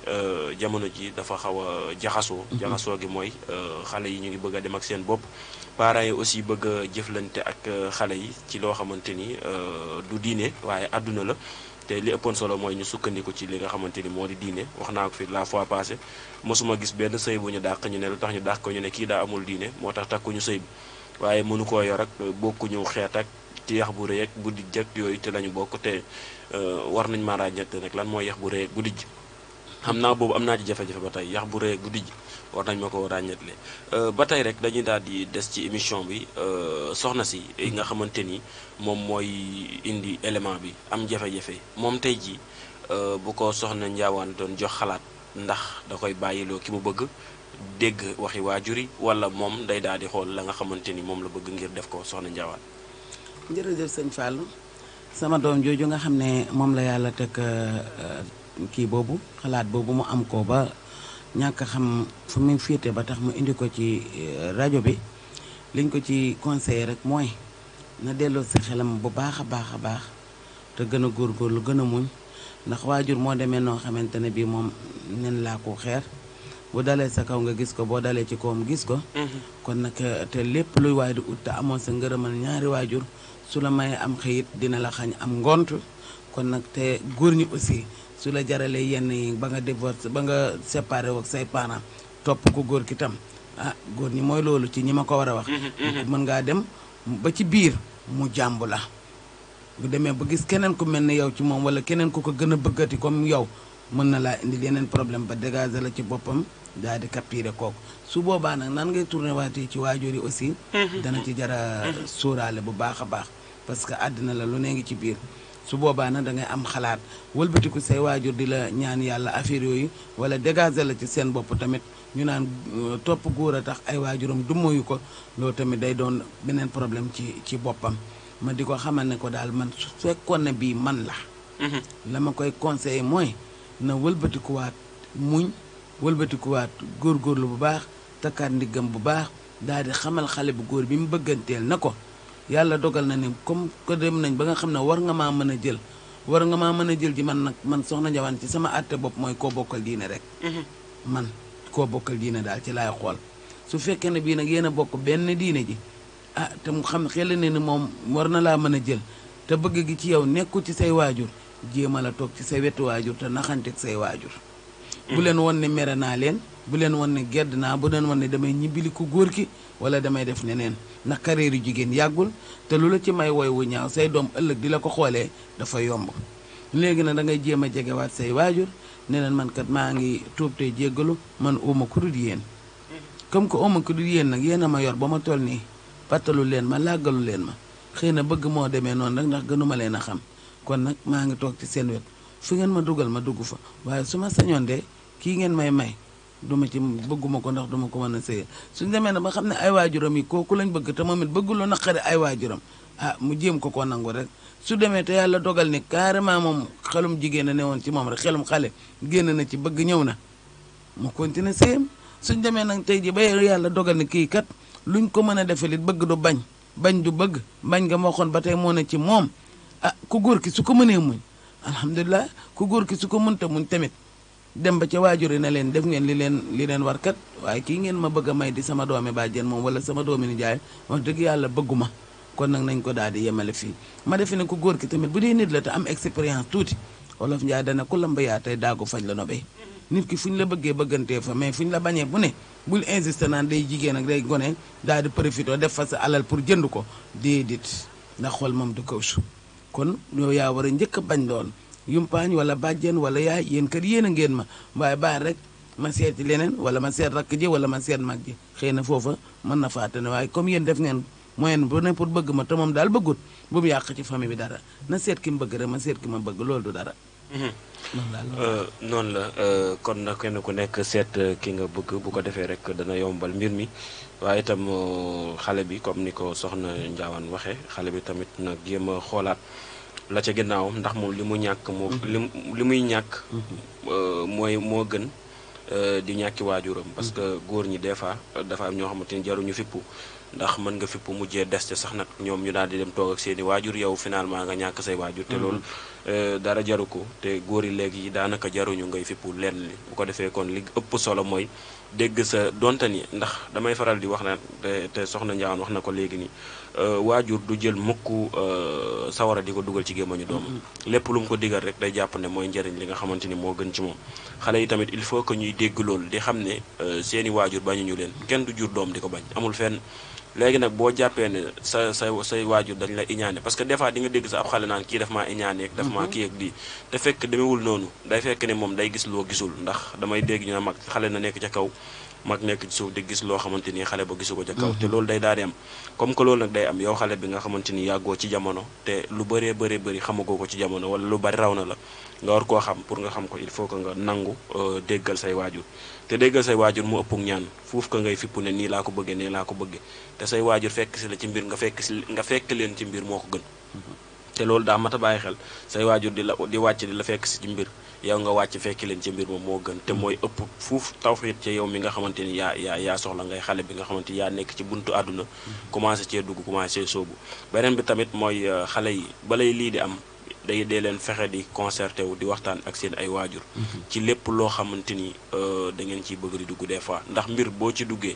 jamono ji dafa xaw a jaxasoo. Mhm. jaxasoo gi mooy xale yi ñu ngi bëgg a dem ak seen bopp. parents yi aussi bëgg jëflante ak xale yi ci loo xamante ni du diine waaye àdduna la. te li ëppoon solo mooy ñu sukkandiku ci li nga xamante ni moo di diine wax naa ko fi la fois passée mosuma gis benn sëy bu ñu dàq ñu ne lu tax ñu dàq ko ñu ne kii daa amul diine moo tax takkuñu sëy bi waaye mënu koo yor ak bokkuñu xeet ak ci yax bu rëy ak bu dijj yooyu te lañu bokk te euh, war nañ ma maa ràññeete nag lan mooy yax bu rëy ak bu dijj xam naa boobu am naa ci jafe-jafe ba tey yax bu rëy ak bu dijj war nañ ma ko ràññetle euh, ba tey rek dañuy daal di des ci émission bi euh, soxna si nga xamante ni moom mooy indi élément bi am jafe-jafe moom tey jii euh, bu ko soxna njaawaan doon jox xalaat ndax da koy bàyyiloo ki mu bëgg dégg waxi waajur yi wala moom day daal di xool la nga xamante ni moom la bëgg ngir def ko soxna njaawaan jërëjëf doom jooju nga xam ne moom la yàlla teg kii boobu xalaat boobu mu am ko ba ñàkk xam fu mu féete ba tax mu indi ko ci euh, rajo bi liñ ko ci conseillé rek mooy na delloo si xelam bu baax a baax a baax te gën a góorgóorlu gën a muñ ndax waajur moo demee noo xamante ne bii moom nen laa ko xeer bu dalee sa kaw nga gis ko boo dalee ci kawam gis ko. Mm-hmm. kon nag euh, te lépp luy waay di ut te amoon sa ngërëmal ñaari waajur su la mayee am xëyit dina la xañ am ngont kon nag te góor ñi aussi. su la jaralee yenn yi ba nga divorce ba nga séparé wak say parents topp ko góor ki tam ah góor ñi mooy loolu ci ñi ma ko war a wax mm-hmm, mm-hmm. mën ngaa dem ba ci biir mu jàmb la bu demee ba gis keneen ku mel ni yow ci moom wala keneen ku ko gën a bëggati comme yow mën na laa indi yeneen problème ba dégager la ci boppam daadi di kook su boobaa nag nan ngay tourné waatee ci waajur yi aussi mm-hmm. dana ci jara sóoraale bu baax a baax parce que àddina la lu ne ngi ci biir su boobaa nag da ngay am xalaat wëlbatiku say waajur di la ñaan yàlla affaire yooyu wala dégager la ci seen bopp tamit ñu naan euh, topp góor a tax ay waajuram du moyu ko loolu tamit day doon beneen problème ci ci boppam ma di ko xamal ne ko daal man su fekkoon ne bii man la mm-hmm. la ma koy conseiller mooy na wëlbatikuwaat muñ wëlbatikuwaat góorlu bu baax takkaat ndiggam bu baax daal di xamal xale bu góor bi mu bëgganteel na ko yàlla dogal na ni comme que dem nañ ba nga xam ne war nga maa mën a jël war nga maa mën a jël ji man nag man soxna Njawaan ci sama àtte bopp mooy koo bokkal diine rek. Mhm. man koo bokkal diine daal ci laay xool su fekkee ne bii nag yéen bokk benn diine ji ah te mu xam xel ne ni moom war na laa mën a jël te bëgg gi ci yow nekkul ci say waajur jéem a la toog ci say wetu waajur te naxanteeg say waajur. bu leen won ne mere naa leen bu leen won ne gedd naa bu leen won ne damay ñibbili ku góor ki wala damay def neneen ndax carrière yu jigéen yàggul te lu la ci may woy wu ñaaw say doom ëllëg di la ko xoolee dafa yomb léegi nag da ngay jéem a jegewaat say waajur ne leen man maa ngi tuub te jéggalu man uma ku dul yéen comme que uma ku dul yéen nag yéen a ma yor ba ma toll nii pattalu leen ma làggalu leen ma xëy na bëgg moo demee noonu rek ndax gënuma leen a xam kon nag maa ngi toog ci seen wet fu ngeen ma dugal ma dugg fa su ma sañoon de kii ngeen may may duma ci bëgguma ko ndax duma ko mën a sëyal suñ demee na ba xam ne ay waajuram yi kooku lañ bëgg te moom it bëgguloo naqari ay waajuram ah mu jéem ko koo nangu rek su demee te yàlla dogal ne carrément moom xelum jigéen a ne woon ci moom rek xelum génn na ci bëgg ñëw na mu continuer suñ demee nag tey ji ba yàlla dogal ne kii kat luñ ko mën a defee li bëgg du bañ bañ du bëgg bañ nga ma waxoon ba tey moo ne ci moom ah ku góor ki su ko mënee muñ alhamdulilah ku góor ki su ko mënta muñ tamit dem ba ca waajur yi ne leen def ngeen li leen li leen war kat waaye kii ngeen ma bëgg a may di sama doomi bàjjen moom wala sama doomi nijaay wax dëgg yàlla bëgguma kon nag nañ ko daal di yemale fii ma defe ne ku góor ki tamit bu dee nit la te am expérience tuuti wolof njaay dana ku lamba yaa tey daagu faj la nobee nit ki fu ñu la bëggee bëggantee fa mais fu ñu la bañee bu ne bul day jigéen ak day gone daal di profité def fa sa alal pour jënd ko déedéet ndax xol moom du kaw su kon yow yaa war a njëkk a bañ doon yumpaañ wala bàjjen wala yaay yéen kër yéen a ngeen ma waaye bàyyi rek ma seeti leneen wala ma seet rakk ji wala ma seet mag ji xëy na foofa mën na fàtte waaye comme yéen def ngeen moyen bu ne pour bëgg ma te moom daal bëggut bu yàq ci famille bi dara na seet ki mu bëgg rek ma ki ma bëgg loolu du dara. Mhm. Euh, noonu la euh, kon na kenn ku nekk seet euh, ki nga bëgg bu ko defee rek dana yombal mbir mi waaye itam xale bi comme ni ko soxna Ndiawane waxee xale bi tamit na jéem a xoolaat. la ca ginnaawam ndax moom li mu ñàkk moo mhm. li li muy ñàkk mhm. euh, mooy moo gën euh, di ñàkki waajuram parce mhm. que góor ñi des fois dafa am ñoo xamante ni jaruñu fippu ndax mën nga fipp mujjee des te sax nag ñoom ñu daal di dem toog seeni waajur yow finalement nga ñàkk say waajur te loolu euh, dara jaru ko te góor yi léegi daanaka jaruñu ngay fippu lenn li bu ko defee kon li ëpp solo mooy dégg sa donte ni ndax damay faral di wax na te soxna Ndiawane wax na ko léegi nii Euh, waajur du jël mukk euh, sawara di ko dugal ci ñu doomam mm-hmm. lépp lu mu ko digal rek day jàpp ne mooy njëriñ li nga xamante ni moo gën ci moom xale yi tamit il faut que ñuy dégg lool di xam ne euh, seeni waajur ñu leen kenn du jur doom di ko bañ amul fenn léegi nag boo jàppee ne sa sa say waajur dañ la iñaane parce que des fois di nga dégg sa ab xale naan kii daf maa iñaane ak daf maa mm-hmm. kii ak lii te fekk demewul noonu day fekk ne moom day gis loo gisul ndax damay dégg ñu ne mag xale na nekk ca kaw mag nekk ci suuf di gis loo xamante ni xale ba gisu ko ca kaw mhm. te loolu day daal di comme que loolu nag day am yow xale bi nga xamante ni yàggoo ci jamono te lu bëree bëri bëri xamagoo ko ci jamono wala lu bari raw na la nga war koo xam pour nga xam ko il faut que nga nangu euh, déggal say waajur te déggal say waajur mu ëpp ñaan fuuf ngay fippu ne nii ko bëggee nii laa ko bëggee te say waajur fekk si la ci mbir nga fekk si nga fekk leen ci mbir moo ko gën mhm. te loolu daa mat a bàyyi xel say waajur di la di wàcc di la fekk si ci mbir yow nga wàcc fekk leen ci mbir ma moo gën te mooy ëpp fuuf tawfiit ci yow mi nga xamante ni yaa yaa yaa soxla ngay xale bi nga xamante ni yaa nekk ci buntu àdduna mm-hmm. commencé cee dugg commencé soobu beneen bi tamit mooy euh, xale yi balay lii di am day dee leen fexe di concerté wu di waxtaan ak seen ay waajur mm-hmm. ci lépp loo xamante ni euh, da ngeen ciy bëgg di dugg des fois ndax mbir boo ci duggee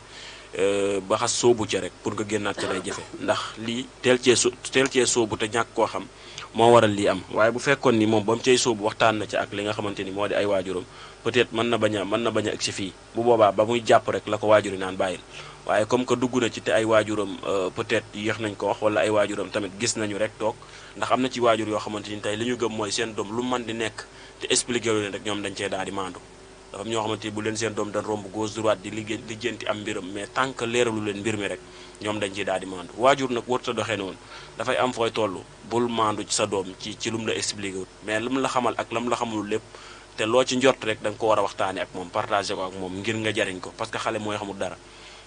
euh, ba xas soobu ca rek pour nga génnaat ca day jafe ndax lii teel cee so teel cee soobu te ñàkk koo xam moo waral lii am waaye bu fekkoon ni moom ba mu cay sóobu waxtaan na ci ak li nga xamante ni moo di ay waajuram peut-être mën na bañ a mën na bañ a agsi fii bu boobaa ba muy jàpp rek la ko waajuri naan bàyyil waaye comme que dugg na ci te ay waajuram euh, peut-être yéex nañ ko wax wala ay waajuram tamit gis nañu rek toog ndax am na ci waajur yoo xamante ni tey li ñu gëm mooy seen doom lu man di nekk te expliqué lu leen rek ñoom dañ cee daal di maandu dafa am bu leen seen doom dañ romb gauche droite di liggéey lijjanti am mais tant que leeralu leen mbir mi rek ñoom dañ ciy daal di maandu waajur nag warta doxee noonu dafay am fooy toll bul maandu ci sa doom ci ci lu mu la expliqué mais lu mu la xamal ak la mu la xamul lépp te loo ci njort rek danga ko war a waxtaane ak moom partagé ko ak moom ngir nga jariñ ko parce que xale mooy xamul dara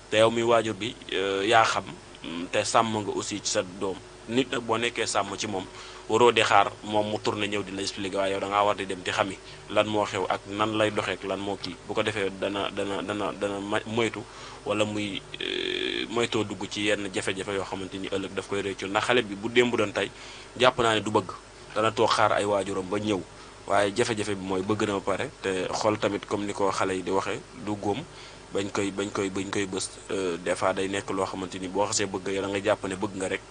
te yow mi waajur bi euh, yaa xam mm, te sàmm nga aussi ci sa doom nit nag boo nekkee sàmm ci moom waroo di xaar moom mu tourné ñëw di la expliqué waaye yow da ngaa war di dem di xami lan moo xew ak nan lay doxeek lan moo kii bu ko defee dana dana dana dana moytu wala muy euh, moytoo dugg ci yenn jafe-jafe yoo xamante ni ëllëg daf koy réccu ndax xale bi bu démb doon tey jàpp naa ne du bëgg dana toog xaar ay waajuram ba ñëw waaye jafe-jafe bi mooy bëgg na ma pare te xool tamit comme ni ko xale yi di waxee du góom bañ koy bañ koy bañ koy bës euh, des fois day nekk loo xamante ni boo xasee bëgg yow da nga jàpp ne bëgg nga rek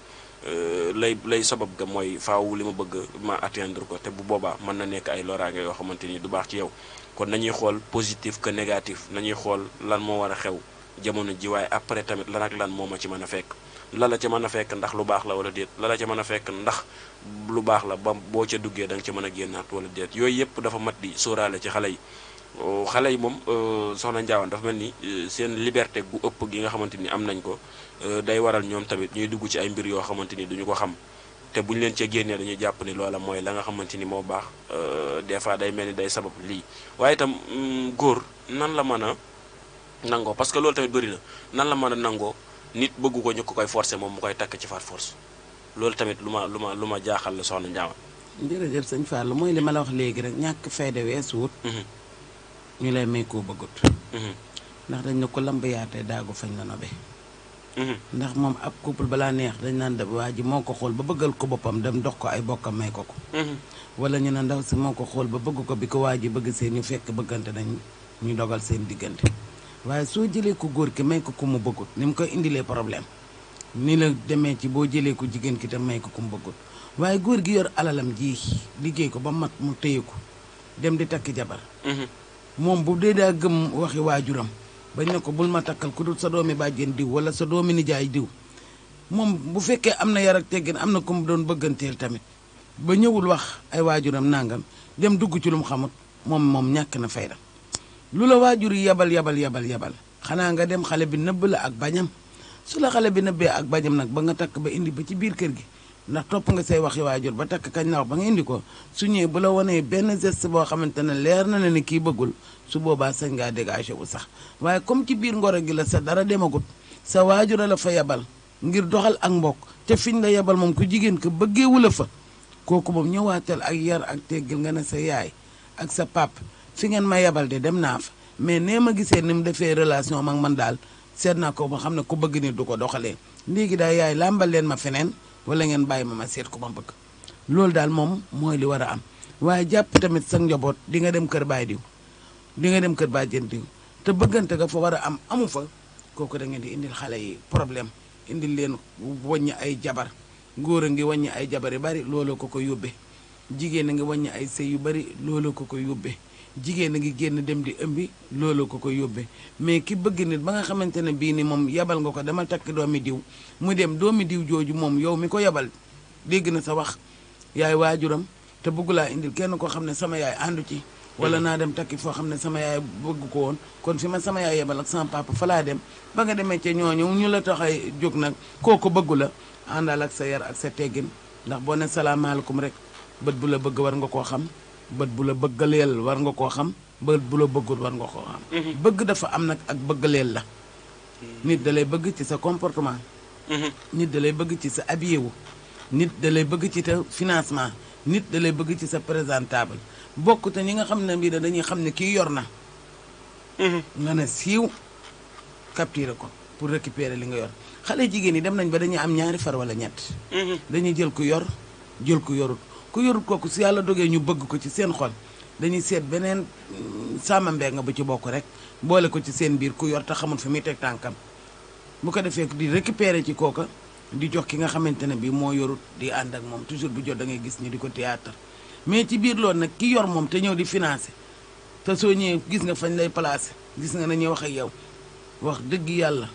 euh, lay lay sabab ga mooy faw li ma bëgg ma atteindre ko te bu boobaa mën na nekk ay loraange yoo xamante ni du baax ci yow kon nañuy xool positif que négatif nañuy xool lan moo war a xew jamono ji waaye après tamit lan lan moom a ci mën a fekk la la ca mën a fekk ndax lu baax la wala deet lana la ca a fekk ndax lu baax la ba boo ca duggee da nga ca mën a génnaat wala déet yooyu yëpp dafa mat di sóoraale ci xale yi oh, xale yi moom euh, soxna Njaawaan dafa mel nii euh, seen liberté gu ëpp gi nga xamante ni am nañ ko euh, day waral ñoom tamit ñuy dugg ci ay mbir yoo xamante ni duñu ko xam te bu ñu leen cee génnee dañuy jàpp ni loola mooy la nga xamante ni moo baax des fois day mel ni day sabab lii waaye itam mm, nan la mën a nangoo parce que loolu tamit bëri na nan la man a nangoo nit bëggu ko ñu ko koy forcer moom mu koy takk ci far force loolu tamit lu ma lu ma lu ma jaaxal la soxna Ndiama. jërëjëf sëñ lu mooy li ma la wax léegi rek ñàkk fayda weesu wut. Mhm. ñu lay may koo bëggut. Mhm. ndax dañ ne ko lamb yaatee daagu fañ la nobe. Mhm. ndax moom ab couple balaa neex dañ naan da waa ji moo ko xool ba bëggal ko boppam dem dox ko ay bokkam may ko ko. wala ñu ne ndaw si moo ko xool ba bëgg ko bi ko waa ji bëgg seen ñu fekk bëggante nañ ñu dogal seen diggante. waaye soo jëlee ko góor ki may ko ku mu bëggut ni mu koy indilee problème ni la demee ci boo jëlee ko jigéen ki tam may ko ku mu bëggut waaye góor gi yor alalam ji liggéey ko ba mat mu téye ko dem di takk jabar mhm. moom bu dee daa gëm waxi waajuram bañ ne ko bul ma takkal ku dul sa doomi bàjjen diw wala sa doomi nijaay diw moom bu fekkee am na yar ak teggin am na ku doon bëgganteel tamit ba ñëwul wax ay waajuram nangam dem dugg ci lu mu xamut moom moom ñàkk na fayda lu la waajur yi yabal yabal yabal yabal xanaa nga dem xale bi nëbb la ak bañam su la xale bi nëbbee ak bañam nag ba nga takk ba indi ba ci biir kër gi ndax topp nga say waxi waajur ba takk kañ la wax ba nga indi ko su ñëwee bu la wanee benn geste boo xamante ne leer na la ni kii bëggul su boobaa sañ ngaa dégagé wu sax waaye comme ci biir ngoro gi la sa dara demagut sa waajur la fa ngir doxal ak mbokk ca fiñ la yabal moom ku jigéen ka bëggeewu la fa kooku moom ñëwaatal ak yar ak teggal nga ne sa yaay ak sa pap fi ngeen ma yebal de dem naa fa mais nee ma gisee ni mu defee relation mag man daal seet naa ko ba xam ne ko bëgg nit du ko doxalee léegi daal yaay làmbal leen ma feneen wala ngeen bàyyi ma ma seet ko ma bëgg loolu daal moom mooy li war a am waaye jàpp tamit sa njaboot di nga dem kër bàyyi diw di nga dem kër baay jën diw te bëggante ga fa war a am amu fa kooku da ngeen di indil xale yi problème indil leen wàññi ay jabar góor a ngi wàññi ay jabar yu bari looloo ko ko yóbbee jigéen a ngi wàññi ay sëy yu bari looloo ko ko yóbbee jigéen a ngi génn dem di ëmbi loolu ko ko yóbbee mais ki bëgg nit ba nga xamante ne bii ni moom yabal nga ko dama takk doomi diw mu dem doomi diw jooju moom yow mi ko yabal dégg na sa wax yaay waajuram te bëgg laa indil kenn koo xam ne sama yaay àndu ci wala mm-hmm. naa dem takki foo xam ne sama yaay bëgg ko woon kon fi ma sama yaay yebal ak sama papa fa laa dem ba nga demee ca ñooñu ñu la tax jóg nag koo ko bëggu la àndal ak sa yar ak sa teggin ndax boo ne salaamaaleykum rek bët bu la bëgg war nga koo xam bët bu la bëggaleel war nga koo xam bët bu la bëggut war nga koo xam mhm. bëgg dafa am nag ak bëggaleel la mhm. nit da lay bëgg ci sa comportement mhm. nit da lay bëgg ci sa abiyewu nit da lay bëgg ci sa financement nit da lay bëgg ci sa présentable bokk te ñi nga xam ne bii da dañuy xam ne kii yor na nga ne siiw capturer ko pour récupérer li nga yor xale jigéen yi dem nañ ba dañuy am ñaari far wala ñett dañuy jël ku yor jël ku yorut ku yor kooku si yàlla dogee ñu bëgg ko ci seen xol dañuy seet beneen sàmm mbéy nga bu ci bokk rek boole ko ci seen biir ku yor te xamul fi muy teg tànkam bu ko defee di récupérer ci kooka di jox ki nga xamante ne bii moo yorut di ànd ak moom toujours bu jot da ngay gis ñu di ko théâtre mais ci biir loolu nag ki yor moom te ñëw di financé te soo ñëwee gis nga fañ lay placer gis nga nañuy wax a yow wax dëgg yàlla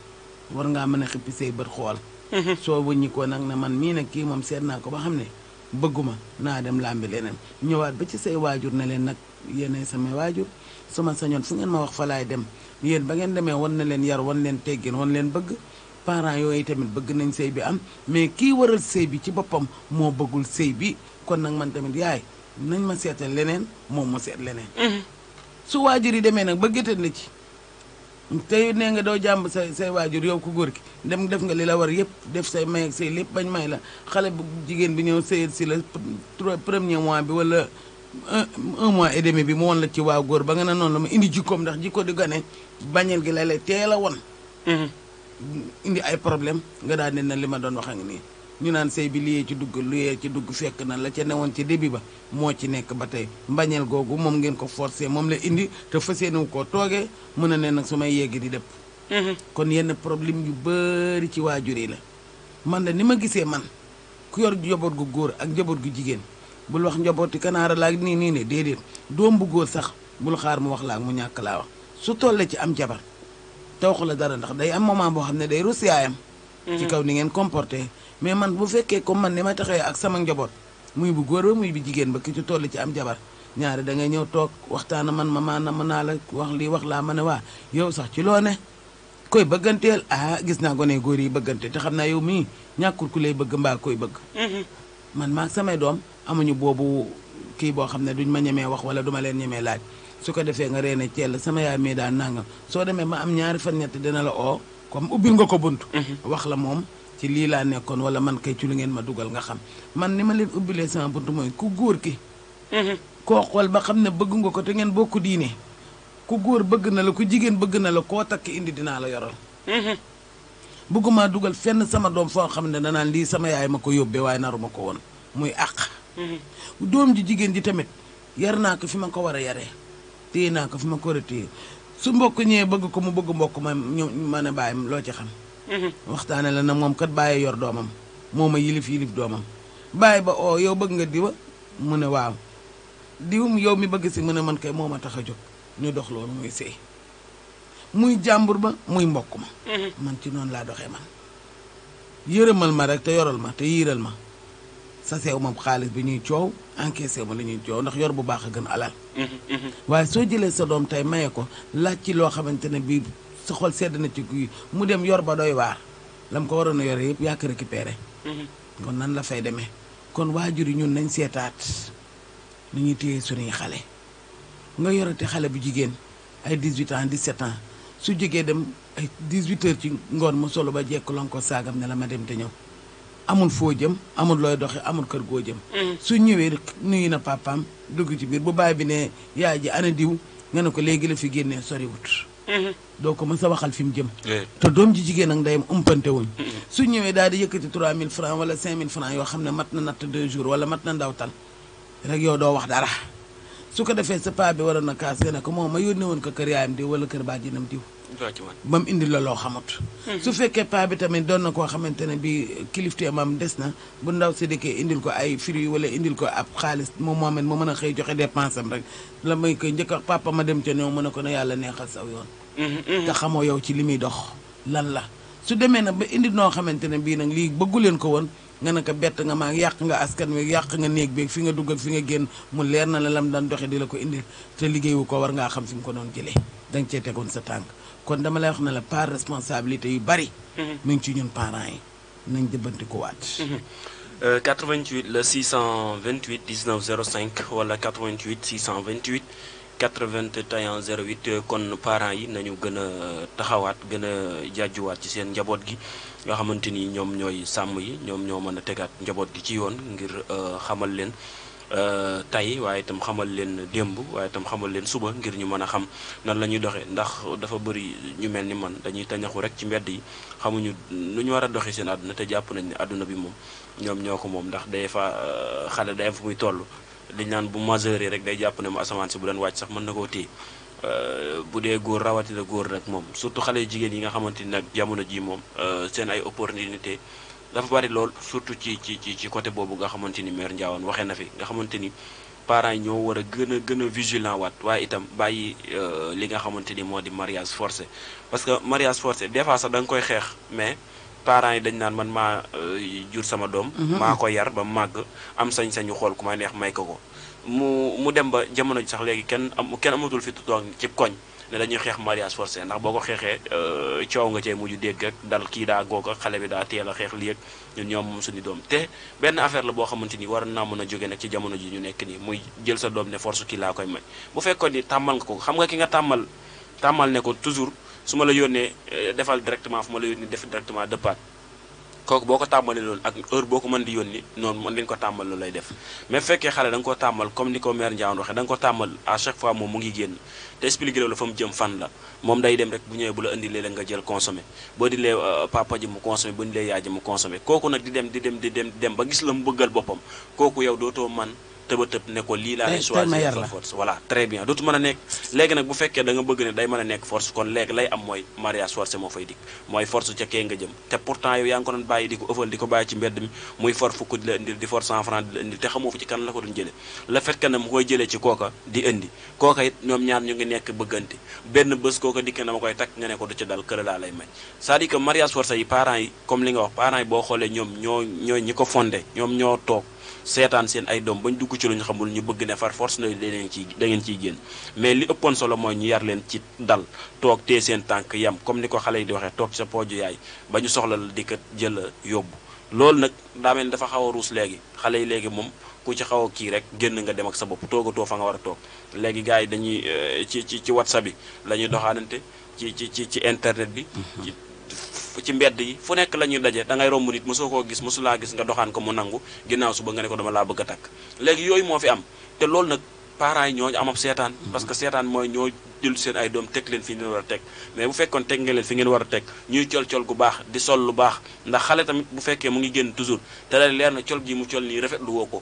war ngaa mën a xippi say bët xool. Mm-hmm. soo nag ne man mii nag kii moom seet ko ba xam ne. bëgguma naa dem làmbi leneen ñëwaat ba ci say waajur na leen nag yéenay samay waajur su ma sañoon fu ngeen ma wax fa laay dem yéen ba ngeen demee wan na leen yar wan leen teggin wan leen bëgg parents yooyu tamit bëgg nañ sëy bi am mais kii waral sëy bi ci boppam moo bëggul sëy bi kon nag man tamit yaay nañ ma seetal leneen moom mu seet leneen mm-hmm. su waajur yi demee nag bëggatal na ci tey nee nga doo jàmb say say waajur yow ku góor gi dem def nga li la war yëpp def say may ak say lépp bañ may la xale bu jigéen bi ñëw sëyat si la premier mois bi wala un mois et bi mu won la ci waaw góor ba nga ne noonu la ma indi jikkoom ndax jikko di gane bañeel gi la lay teel la won mm-hmm. indi ay problème nga daal ne na li ma doon wax a ngi nii ñu naan sëy bi liyee ci dugg liyee ci dugg fekk na la ca woon ca début ba moo ci nekk ba tey mbañeel googu moom ngeen ko forcé moom la indi te fas yéene koo toogee mën a ne nag su may yegg di dëpp mm-hmm. kon yenn problème yu bëri ci waajur yi la man na ni ma gisee man ku yor njaboot gu góor ak njaboot gu jigéen bul wax njabooti kanaara laak nii nii ne déedéet doom bu góor sax bul xaar mu wax ak mu ñàkk laa wax su tollee ci am jabar te waxu la dara ndax day am moment boo xam ne day rus ci kaw ni ngeen comporté mais man bu fekkee comme man ni ma taxee ak sama njaboot muy bu góor ba muy bu jigéen ba ki ci toll ci am jabar ñaari da ngay ñëw toog waxtaana man ma maana mën naa la wax lii wax laa ma ne waa yow sax ci loo ne koy bëgganteel ah gis naa gone góor yi bëggante te xam naa yow mii ñàkkul ku lay bëgg mbaa koy bëgg mm-hmm. man maag samay doom amuñu boobu kii boo xam ne duñ ma ñemee wax wala duma leen ñemee laaj su ko defee nga reene teel sama yaay mii daan nangam soo demee ma am ñaari fan ñett dina comme ubbil nga ko bunt mhm. wax la moom ci lii laa nekkoon wala man kay ci lu ngeen ma dugal nga xam man ni ma leen ubbilee sama bunt mooy ku góor ki mhm. koo xool ba xam ne bëgg nga ko te ngeen bokku diine ku góor bëgg na la ko jigéen bëgg na la koo takk indi dinaa la yoral mhm. maa dugal fenn sama doom foo xam ne danaan lii sama yaay ma ko yóbbee waaye naru ma ko woon muy àq doom ji jigéen ji tamit yar naa ko fi ma ko war a yaree téye naa ko fi ma ko war su mbokk ñee bëgg ko mu bëgg mbokk ma ñu mën a bàyyi loo ci xam. Mhm. waxtaane la na moom kat bàyyi yor doomam moo ma yilif yilif doomam bàyyi ba oo yow bëgg nga diwa mu ne waaw diwum yow mi bëgg si mu ne man kay moo ma tax a jóg ñu dox loolu muy sëy muy jàmbur ba muy mbokk ma. Mhm. man ci noonu laa doxee man. yërëmal ma rek te yoral ma te yiiral ma sa sew moom xaalis bi ñuy coow. encaissé ma la ñuy joow ndax yor bu baax a gën alal mm-hmm, mm-hmm. waaye soo jëlee sa doom tey maye ko laaj ci loo xamante ne bii soxol sedd na ci kuy mu dem yor ba doy waar lam ko waroon a yore yëpp yaa ko mm-hmm. kon nan la fay demee kon waajur yi ñun nañ seetaat ni ñuy téye suñuy xale nga te xale bu jigéen ay 18 ans 17 ans su jógee dem ay 18 heures ci ngoon mu solo ba jekk lon ko saagam ne la ma dem te ñëw amul foo jëm amul looy doxee amul kër goo jëm. Mm. su ñëwee nuyu na papaam dugg ci biir bu baay bi ne yaay ji ana diw nga ne ko léegi la fi génnee soriwut. Mm-hmm. doo ko mës sa waxal fi mu jëm. Eh. te doom ji jigéen ak ndeyam umpante wuñ. Mm-hmm. su ñëwee daal di yëkkati mille francs wala mille francs yoo xam ne mat na natt 2 jours wala mat na ndawtal rek yow doo wax dara. su ko defee sa paa bi waroon na kaas nga ne ko moom ma yónnee woon ko kër yaayam diw wala kër baajenam diw. ba mu indi la loo xamut. Mhm. su fekkee paa bi tamit doon na koo xamante ne bi kilifte mam des na bu ndaw si dikkee indil ko ay fruits wala indil ko ab xaalis moom moomet mu mën a xëy joxe dépense am rek la may koy njëkka a papa ma dem ca noo mën a ko na yàlla neexal saw yoon. Mhm, mhm. te xamoo yow ci li muy dox lan la. su demee nag ba indi noo xamante ne bii nag lii bëggu leen ko woon nga ne bett nga maag yàq nga askan wi yàq nga néeg beeg fi nga dugg ak fi nga génn mu leer na la lam daan doxe di la ko indil te liggéeyu ko war ngaa xam fi ko doon jëlee danga cee tegoon sa tànk kon dama lay wax na la par responsabilité yu bari. mu mhm. ngi ci ñun parent yi nañ jëbbanti ko waat. 88 la 628 19 05 wala 88 628 81 08 kon parent yi nañu gën a taxawaat gën a jaajuwaat ci seen njaboot gi nga xamante ni ñoom ñooy sàmm yi ñoom ñoo mën a tegaat njaboot gi ci yoon ngir euh, xamal leen. Euh, tey waaye itam xamal leen démb waaye itam xamal leen suba ngir ñu mën a xam nan la ñuy doxee ndax dafa bëri ñu mel ni man dañuy tañaxu rek ci mbedd yi xamuñu lu ñu war a doxee seen àdduna te jàpp nañ ne àdduna bi moom ñoom ñoo ko moom ndax day fa euh, xale day am fu muy toll dañ naan bu majeur yi rek day jàpp ne mu asamaan si bu doon wàcc sax mën na koo téye euh, bu dee góor rawatina góor nag moom surtout xale jigéen yi nga xamante ni nag jamono ji moom seen a opportunité dafa bari lool surtout ci ci ci ci côté boobu nga xamante ni maire Ndiawane waxee na fi nga xamante ni parents yi ñoo war a gën a gën a waat waaye itam bàyyi euh, li nga xamante ni moo di mariage forcé parce que mariage forcé des fois sax da nga koy xeex mais parent yi dañ naan man maa euh, jur sama doom mhm. maa ko yar ba mu màgg am sañ-sañu xool ku ma neex may ko ko mu mu dem ba jamono ji sax léegi kenn am kenn amatul fi toog ci koñ ne dañuy xeex mariage forcé ndax boo ko xeexee euh, coow nga cee mujj dégg ak dal kii daa goog ak xale bi daa teel a xeex lii ak ñoom suñu doom te benn affaire la boo xamante ni war naa mën a jóge nag ci jamono ji ñu nekk nii muy jël sa doom ne force kii laa koy may bu fekkoon ni tàmmal nga ko xam nga ki nga tàmmal tàmmal ne ko toujours su ma la yónnee euh, defal directement fu ma la yónnee def directement dëppaat kooku boo ko tàmbalee loolu ak heure boo ko mën di yónni noonu mën leen ko tàmbal loolu lay def mais fekkee xale da ko tàmbal comme ni ko mère Ndiaye waxee da ko tàmbal à chaque fois moom mu ngi génn te expliqué la fa mu jëm fan la moom day dem rek bu ñëwee bu la indilee la nga jël consommé boo lee euh, papa ji mu consommé boo dilee yaay ji mu consommé kooku nag di dem di dem di dem dem ba gis la mu bëggal boppam kooku yow dootoo man tëba tëb ne ko lii laa lay choisir comme force voilà très bien dootu mën a nekk léegi nag bu fekkee da nga bëgg ne day mën a nekk force kon léegi lay am mooy mariage forcé moo fay dikk mooy force ca kee nga jëm te pourtant yow yaa ngi ko doon di ko ëffal di ko bàyyi ci mbedd mi la indil te xamoo fu ci kan la ko doon jëlee le fait que mu koy jëlee ci kooka di indi kooka it ñoom ñaar ñu ngi nekk bëggante benn bés kooka dikkee dama koy takk nga ne ko du ci dal kër laa lay may c'est-à-dire que mariage forcé yi parents yi comme li nga wax parents boo xoolee ñoom ñoo ñoo ñi ko fondé ñoom ñoo toog seetaan seen ay doom bañ dugg ci lu ñu xamul ñu bëgg ne far force na dangeen ciy da ngeen ciy génn mais li ëppoon solo mooy ñu yar leen ci dal toog tee seen tànk yam comme ni ko xale yi di waxee toog sa pooju yaay ba ñu soxla la di ko jël yóbbu loolu nag daa mel ni dafa xaw a ruus léegi xale yi léegi moom ku ci xaw a kii rek génn nga dem ak sa bopp toogatoo fa nga war a toog léegi gars yi dañuy euh, ci ci ci whatsapp bi la ñuy doxaanante ci ci ci ci internet bi. Mm-hmm. ci mbedd yi fu nekk la daje da ngay romb nit mosoo koo gis mosulaa gis nga doxaan ko mu nangu ginnaaw suba nga ne ko dama laa bëgg a takk léegi yooyu moo fi am te loolu nag parents ñooñ ñoo amab seetaan mhm. parce que seetaan mooy ñoo jël seen ay doom teg leen fi ngeen war a teg mais bu fekkoon teg nga leen fi ngeen war a teg ñuy col-col gu baax di sol lu baax ndax xale tamit bu fekkee mu ngi génn toujours te la leer na col gi mu col nii rafetlu woo ko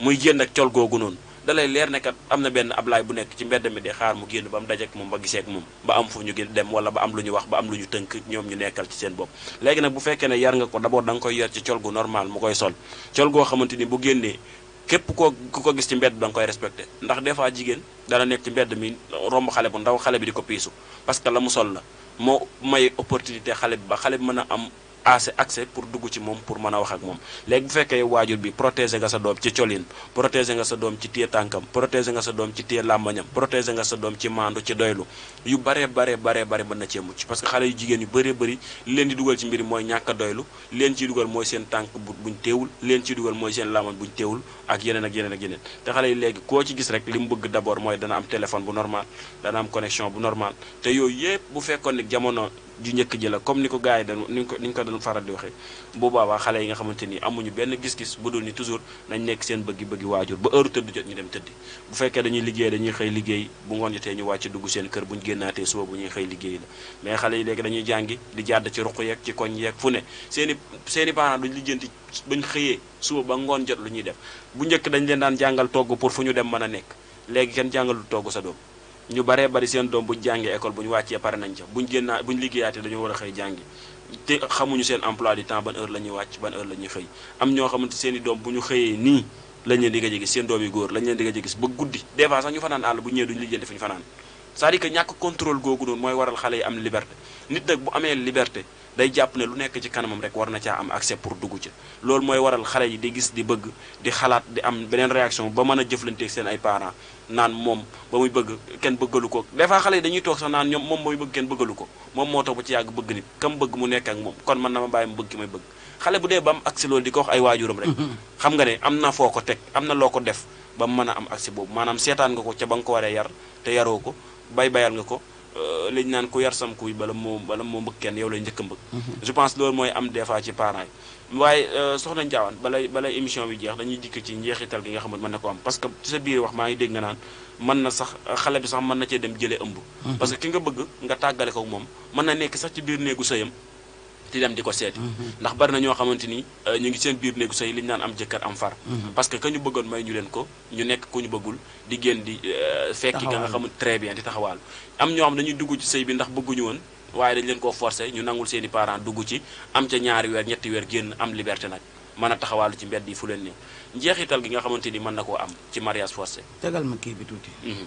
muy génn ak col googu noonu da leer ne am na benn ablaay bu nekk ci mbedd mi di xaar mu génn ba am dajeek moom ba giseek moom ba am fu ñu dem wala ba am lu ñu wax ba am lu ñu tënk ñoom ñu nekkal ci seen bopp léegi nag bu fekkee ne yar nga ko d'abord da nga koy yar ci col gu normal mu koy sol col goo xamante ni bu génnee képp koo ku ko gis ci mbedd da nga koy respecté ndax des fois jigéen dana nekk ci mbedd mi romb xale bu ndaw xale bi di ko piisu parce que la mu sol la moo may opportunité xale bi ba xale bi mën a am assez accès pour dugg ci moom pour mën a wax ak moom léegi bu fekkee waajur bi protéger nga sa doom ci colin protéger nga sa doom ci téye tànkam protéger nga sa doom ci téye làmbañam protéger nga sa doom ci maandu ci doylu yu bare baree baree bare mën na cee mucc parce que xale yu jigéen yu bëree bëri leen di dugal ci mbir mooy ñàkk a doylu li leen ciy dugal mooy seen tànk bu buñ teewul leen ci dugal mooy seen làmbañ buñ teewul ak yeneen ak yeneen ak te xale yi léegi koo ci gis rek li mu bëgg d'abord mooy dana am téléphone bu normal dana am connexion bu normal te yooyu yépp bu fekkoon ne jamono ju njëkk ji la comme ni ko gars yi dañu ni ko ni ñu ko doon faral di waxee bu boobaa xale yi nga xamante ni amuñu benn gis-gis bu dul ni toujours nañ nekk seen bëggi-bëggi waajur ba heure tëdd jot ñu dem tëddi bu fekkee dañuy liggéey dañuy xëy liggéey bu ngoon jotee ñu wàcc dugg seen kër buñ génnaatee suba bu ñuy xëy liggéey la mais xale yi léegi dañuy jàngi di jàdd ci ruq yeeg ci koñ yeeg fu ne seeni seeni parents duñ lijjanti bañ xëyee suba ba ngoon jot lu ñuy def bu njëkk dañ leen daan jàngal togg pour fu ñu dem mën a nekk léegi kenn jàngalul togg sa doom ñu baree bari seen doom buñ jàngee école bu ñu wàccee pare nañ ca buñ génnaa buñ liggéeyaatee dañoo war a xëy jàngi te xamuñu seen emploi du temps ban heure la ñuy wàcc ban heure la ñuy xëy am ñoo xamante seen i doom bu ñu xëyee nii lañ leen di gëj seen doom yi góor lañ leen di gëj gis ba guddi des fois sax ñu fanaan àll bu ñëwee duñu lijjanti fu ñu fanaan c'est-à-dire que ñàkk contrôle googu noonu mooy waral xale yi am liberté nit nag bu amee liberté day jàpp ne lu nekk ci kanamam rek war na caa am accès pour dugg ca loolu mooy waral xale yi di gis di bëgg di xalaat di am beneen réaction ba mën a jëflanteeg seen ay parents naan moom ba muy bëgg kenn bëggalu ko des xale yi dañuy toog naan ñoom moom ba bëgg bëggalu ko moom moo toog ba ci yàgg bëgg nit kam bëgg mu nekk ak moom kon man na ma bàyyi mu bëgg ki may bëgg xale bu dee bam am loolu di ko wax ay waajuram rek mm-hmm. xam nga ne am na foo ko teg am na loo ko def ba mu mën a am accès boobu maanaam seetaan nga ko ca ba nga ko waree yar te yaroo ko bay bayal nga ko Euh, li ñu naan ku yar sam kuy bala moo bala moo mbëgg kenn yow lay njëkk a mbëgg mhm. je pense loolu mooy am des fois ci parents yi waaye euh, soxna Ndiawane balay balay émission bi jeex dañuy dikk ci njeexital gi nga xamante mën na ko am parce que ci sa biir wax maa ngi dégg nga naan mën na sax xale bi sax mën na cee dem jëlee ëmb mhm. parce que ki nga bëgg nga tàggale ko moom mën na nekk sax ci biir néegu sëyam di dem di ko seeti ndax bari na ñoo xamante ni euh, ñu ngi seen biir néegu sëy li ñu naan am jëkkër am far mhm. parce que ka ñu bëggoon may ñu leen ko ñu nekk ku ñu bëggul di génn di euh, fekki ka nga xamante très di taxawaal am ñoo xam dañuy dugg ci sëy bi ndax bëgguñu woon waaye dañ leen koo forcé ñu nangul seeni parent dugg ci am ca ñaari weer ñetti weer génn am liberté nag mën a taxawaalu ci mbedd yi fu leen ne njeexital gi nga xamante ni mën na koo am ci mariage forcé tegal ma kii bi tuuti mhm.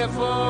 defoon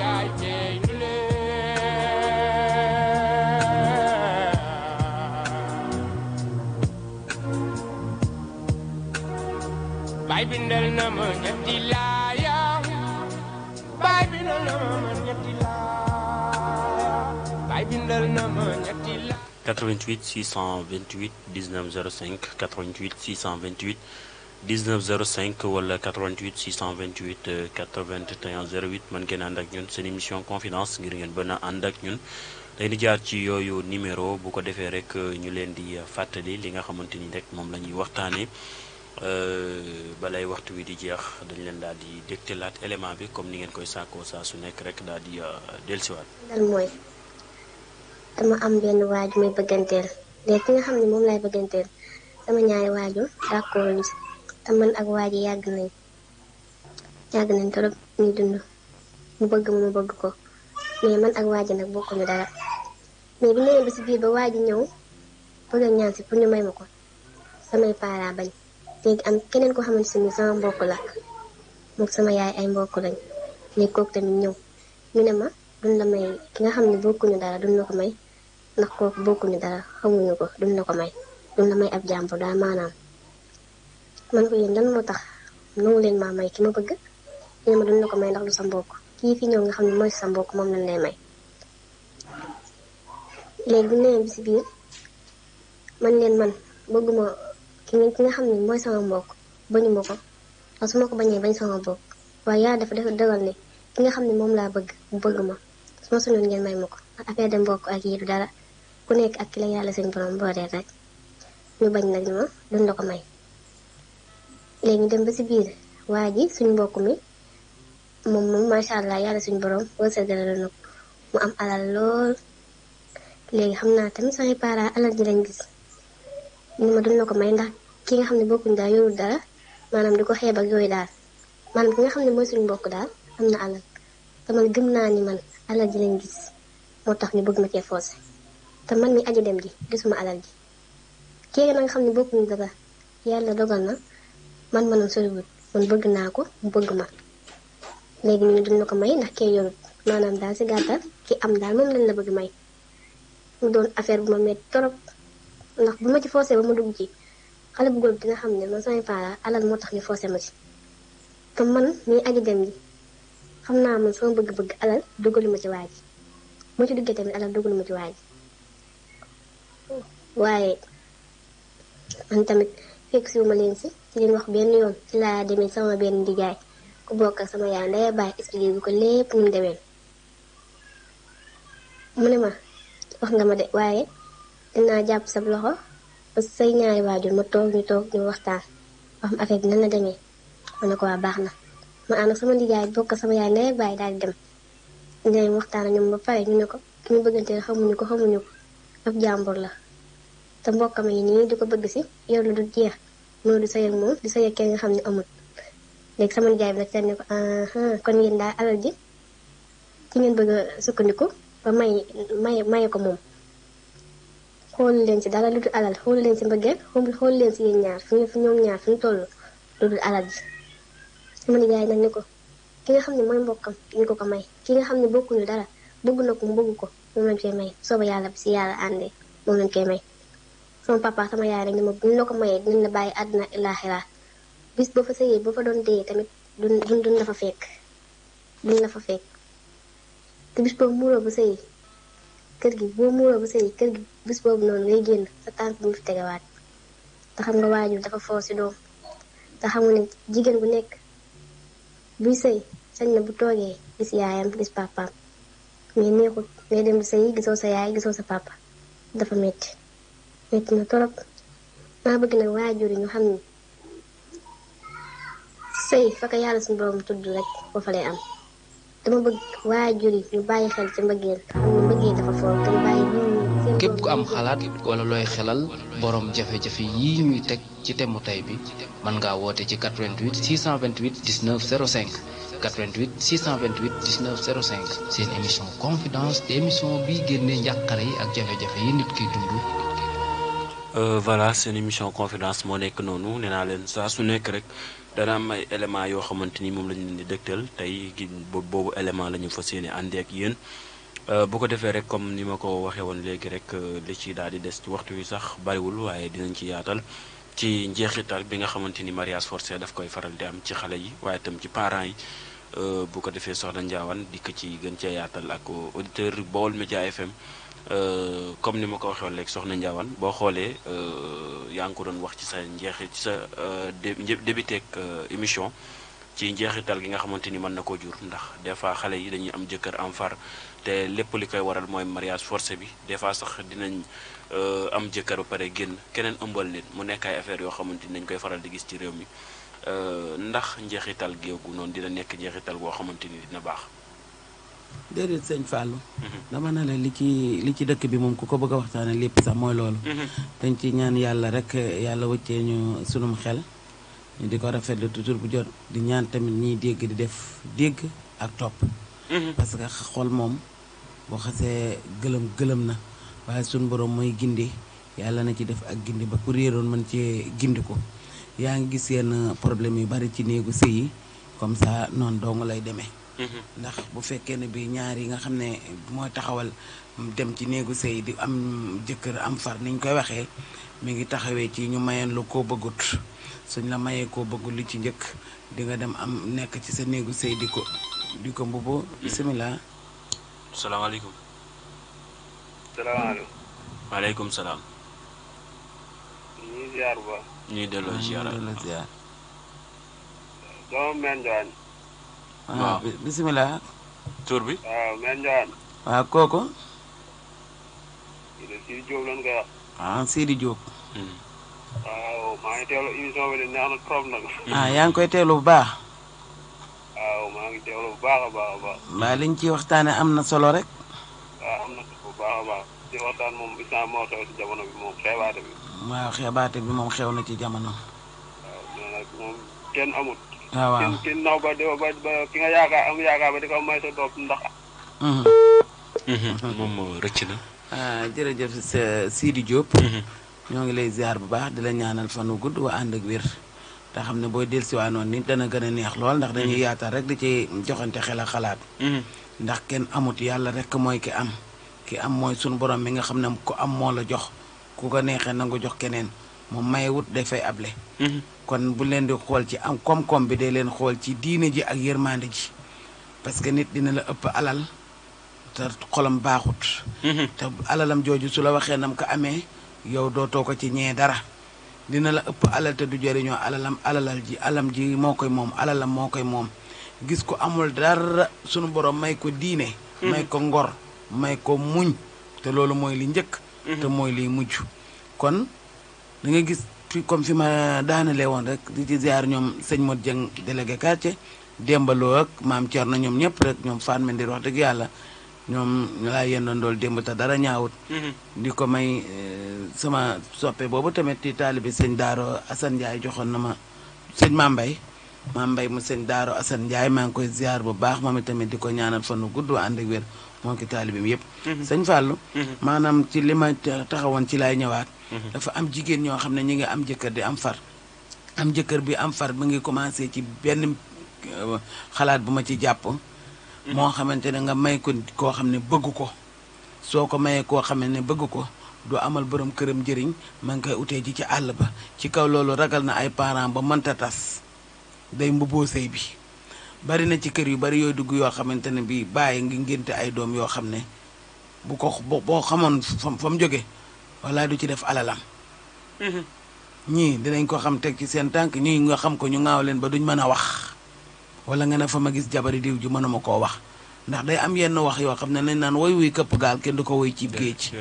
bay bindal na ma ñetti laaya bay bindal na ma ñetti laaya bay bindal na ma ñetti laaya 88 628 19 05 88 628 19 05 wala 88 628 81 08 mën ngeen ànd ak ñun seen émission confidence ngir ngeen bën a ànd ak ñun dañu euh, ñu leen di euh, fàttali li nga xamante ni rek moom la ñuy waxtaanee euh, balay waxtu wi di jeex dañ leen daal di dégtalaat élément bi comme ni ngeen koy sàkkoo saa su nekk rek daal di dellusiwaat. lan mooy dama bëgganteel léegi ki nga xam ne moom laay bëgganteel sama ñaari waajur d'accord te man ak waa ji yàgg nañ yàgg nañ trop ñu dund mu bëgg mu bëgg ko mais man ak waa ji nag bokkuñu dara mais bi ñu ba si biir ba waa ji ñëw bëgg a ñaan si pour ñu may ma ko samay parents bañ léegi am keneen ko xamante ni sama mbokk la moom sama yaay ay mbokk lañ léegi kooku tamit ñëw ñu ne ma duñ la may ki nga xam ne bokkuñu dara duñ la ko may ndax kooku bokkuñu dara xamuñu ko duñ la ko may duñ la may ab jàmbur daal maanaam. man ko yéen lan moo tax nangu leen maa may ki ma bëgg ñu ne ma duñ la ko may ndax du sa mbokk kii fi ñëw nga xam ne mooy sa mbokk moom lañ lay may. léegi bu ñu nee bi si biir man leen man bëgguma ki nga ki nga xam mooy sama mbokk bañu ma ko te su ma ko bañee bañ sama mbokk waaye yaa dafa dafa ki nga xam ne moom laa bëgg mu bëgg ma su ma suñoon ngeen may ma ko affaire de mbokk ak yi du dara ku nekk ak ki la yàlla seen borom booleel rek ñu bañ nag ñu ma la ko may. léegi ñu dem ba si biir waa ji suñ mbokk mi moom moom macha allah yàlla suñ borom wërsëgal la nag mu am alal lool léegi xam naa tamit samay parents alal ji lañ gis ni ma duñ la ko may ndax ki nga xam ne bokkuñ daal yorul dara maanaam di ko xeeb ak yooyu daal maanaam ki nga xam ne mooy suñ mbokk daal am na alal te man gëm naa ni man alal ji lañ gis moo tax ñu bëgg ma cee forcé te man mi aji dem ji gisuma alal ji kii nga xam ne bokkuñ dara yàlla dogal na. man manam soriwut man bëgg naa ko mu bëgg ma léegi ñu du la ko may ndax kee yorut maanaam daal si gàttal ki am daal moom lañ la bëgg may mu doon affaire bu ma met torop ndax bu ma ci forcé ba ma dugg ci xale bu góor bi dina xam ne man samay parents alal moo tax ñu forcé ma ci te man mii aji xam naa man sama bëgg-bëgg alal dugalu ci waa ji moo ci duggee tamit alal dugalu ma ci waa waaye man tamit fekk siwu ma leen si leen wax benn yoon si laa demee sama benn ndijaay ku bokk sama yaay ndaya baay expliqué bi ko lépp nu mu demee mu ne ma wax nga ma de waaye dinaa jàpp sab loxo parce que say ñaari waajur ma toog ñu toog ñu waxtaan wax ma affaire bi demee ma ne ko waa baax na ma ànd ak sama ndijaay bokk sama yaay ndaya baay daal di dem dinañ waxtaan ak ñoom ba pare ñu ne ko ki ñu bëgganteel xamuñu ko xamuñu ko ab jàmbur la te mbokkam yi nii di ko bëgg si yow la moo du sa ak moom di sëy ak kenn xam ne amul léegi sama nijaay bi nag daal ne ko kon ngeen bëgg a sukkandiku ba may may maye ko moom xoolu leen ci dara lu dul alal xoolu ci mbëggeel xoolu leen ci yéen ñaar fu ñu ñoom ñaar fu ñu toll lu dul alal ji ko ki nga xam ne mooy mbokkam ñu ko ko may ki xam ne bokkuñu dara bëgg na ko mu ko moom lañ koy may sooba yàlla bi si yàlla àndee moom lañ koy may sama papa sama yaay rek ne ma buñ la ko mayee boo fa sëyee boo fa doon dee tamit duñ duñ la fa fekk fa fekk te bis bu sëyi kër gi bu sëyi kër gi bis boobu noonu ngay génn bu mu fi te xam nga waajur dafa foo si xamu ne jigéen bu nekk buy sëy sañ na bu toogee gis yaayam gis papaam mais neexut ngay dem sëy gisoo sa yaay gisoo sa papa dafa metti métti na torop maa bëgg nag waajur yi ñu am dama bëgg waajur yi képp ku am xalaat wala looy xelal borom jafe-jafe yi ñuy teg ci temu tey bi mën ngaa woote ci 88 628 19 05 88 628 19 05 seen émission confidence te émission bi génnee njàqare yi ak jafe-jafe yi nit kiy dund Euh, voilà seen mission confidence moo nekk noonu nee naa leen saa su nekk rek dana may ay yoo xamante ni moom la ñu leen tey dëgtal tey boobu élément la ñu fas yéene ànd ak yéen euh, bu ko defee rek comme ni ma ko waxee woon léegi rek euh, li ci daal di des ci waxtu wi sax bariwul waaye dinañ ci yaatal ci njeexital bi nga xamante ni mariage forcé daf koy faral di am ci xale yi waaye itam ci parent yi bu ko defee soxna Ndiawane dikk ci gën cee yaatal ak auditeur Baol Média FM. Euh, comme ni ma ko waxee woon soxna Ndiawane boo xoolee euh, yaa ngi ko doon wax ci sa njeexi ci sa euh, débuté ak émission ci njeexital gi nga xamante ni mën na koo jur ndax des fois xale yi dañuy am jëkkër am far te lépp li koy waral mooy mariage force bi des fois sax dinañ am jëkkër ba pare génn keneen ëmbal leen mu nekkaay ay affaire yoo xamante ni dañ koy faral di gis ci réew mi ndax njeexital géew gu noonu dina nekk njeexital goo xamante ni dina baax. déedéet sëñ Fallou. Mhm. dama ne li ci li ci dëkk bi moom ku ko bëgg a waxtaanee lépp sax mooy loolu. Mhm. dañ ci ñaan yàlla rek yàlla wëccee ñu sunum xel. ñu di ko rafetlu toujours bu jot di ñaan tamit ñiy dégg di def dégg ak topp. Mhm. parce que xol moom boo xasee gëlëm gëlëm na waaye suñu borom mooy gindi yàlla na ci def ak gindi ba ku réeroon mën cee gindi ko. yaa ngi gis yenn problème yu bari ci néegu sëy comme saa noonu dong lay demee. Mm-hmm. ndax bu fekkee ne bi ñaar yi nga xam ne mooy taxawal dem ci néegu sëy di am jëkkër am far niñ koy waxee mi ngi taxawee ci ñu mayeen lu ko bëggut suñ la mayee koo bëggul li ci njëkk dinga dem am nekk ci sa néegu sëy di ko di ko mbubu mm-hmm. bisimilah. salaamaaleykum. salaamaaleykum. maaleykum salaam. ñuy ziar bu baax. ñuy delloo ziar. waaw bisimilah. tur bi. waaw Mbène Ndiaye. waaw kooku. ah hmm. ngi teewlu émission bi de na ah, yaa ngi koy teewlu bu baax. waaw maa mbaa liñ ciy waxtaanee am na solo rek. am na solo bu baax a moom moo xew ci jamono bi xeebaate bi. moom xew na ci jamono. moom kenn amut. Ah, waaw waaw ki naw ba di ba ki nga yaakaar am yaakaar ba di ko may sa bopp ndax. Mhm. Mhm. moom moo rëcc na. Ah, jërëjëf Sidi Diop. Mhm. ñoo ngi lay ziar bu baax di la ñaanal fanu gudd waa ànd ak wér. te xam ne booy dellusiwaa noonu ni dana gën a neex lool ndax dañuy yaatal rek di ci joxante xel ak xalaat. ndax kenn amut yàlla rek mooy ki am. ki am mooy sunu borom bi nga xam ne ku am moo la jox ku ko neexee nangu jox keneen moom mayewut day fay able. kon bu leen di xool ci am koom-koom bi day leen xool ci diine ji ak yërmande ji parce que nit dina la ëpp alal te xolam baaxut. Mhm. te alalam jooju su la waxee nam ko amee yow dootoo ko ci ñee dara. dina la ëpp alal te du jëriñoo alalam alalal ji alam ji moo koy moom alalam moo koy moom gis ko amul dara sunu borom may ko diine. Mhm. may ko ngor may ko muñ te loolu mooy li njëkk. Mhm. te mooy liy mujj kon da gis fi comme fi ma daanalee woon rek di ci ziar ñoom sëñ Modou Dieng délégué quartier démbaloo ak maam Thierno ñoom ñëpp rek ñoom Fane Mendir wax dëgg yàlla ñoom laa yendandool démb te dara ñaawut. Mhm. di ko may eh, sama soppe boobu tamit di taalibi sëñ Daaro Assane Ndiaye joxoon na ma sëñ ma Mbaye Maam Mbaye mu sëñ Daaro Assane Ndiaye maa ngi koy ziar bu baax moom tamit di ko ñaanal fan nu gudd ànd ak wér. moo ki taalibeem yëpp. Mhm. sañ Fallou. Mhm. maanaam ci li ma taxawoon ci laay ñëwaat. Mhm. dafa am jigéen ñoo xam ne ñu ngi am jëkkër di am far. am jëkkër bi am far mu ngi commencé ci benn euh, xalaat bu ma ci jàpp. moo xamante ne nga may ko koo xam ne bëgg ko. soo ko mayee koo xam ne bëgg ko. du amal borom këram njëriñ ma ngi koy utee ji ci àll ba ci kaw loolu ragal na ay parents ba mënta tas day mbubboo sëy bi bari na ci kër yu bari yooyu dugg yoo xamante ne bii bàyyi ngi ngénte ay doom yoo xam ne bu ko boo xamoon fa mu jóge walla du ci def alalam mm-hmm. ñii dinañ ko xam teg ci seen tànk ñii nga xam ko ñu ŋaaw leen ba duñ mën a wax walla nga ne fa ma gis jabari diw ji mënuma koo wax ndax day am yenn wax yoo xam ne nañ naan woy wuy këpp gaal kenn du ko woy ci géej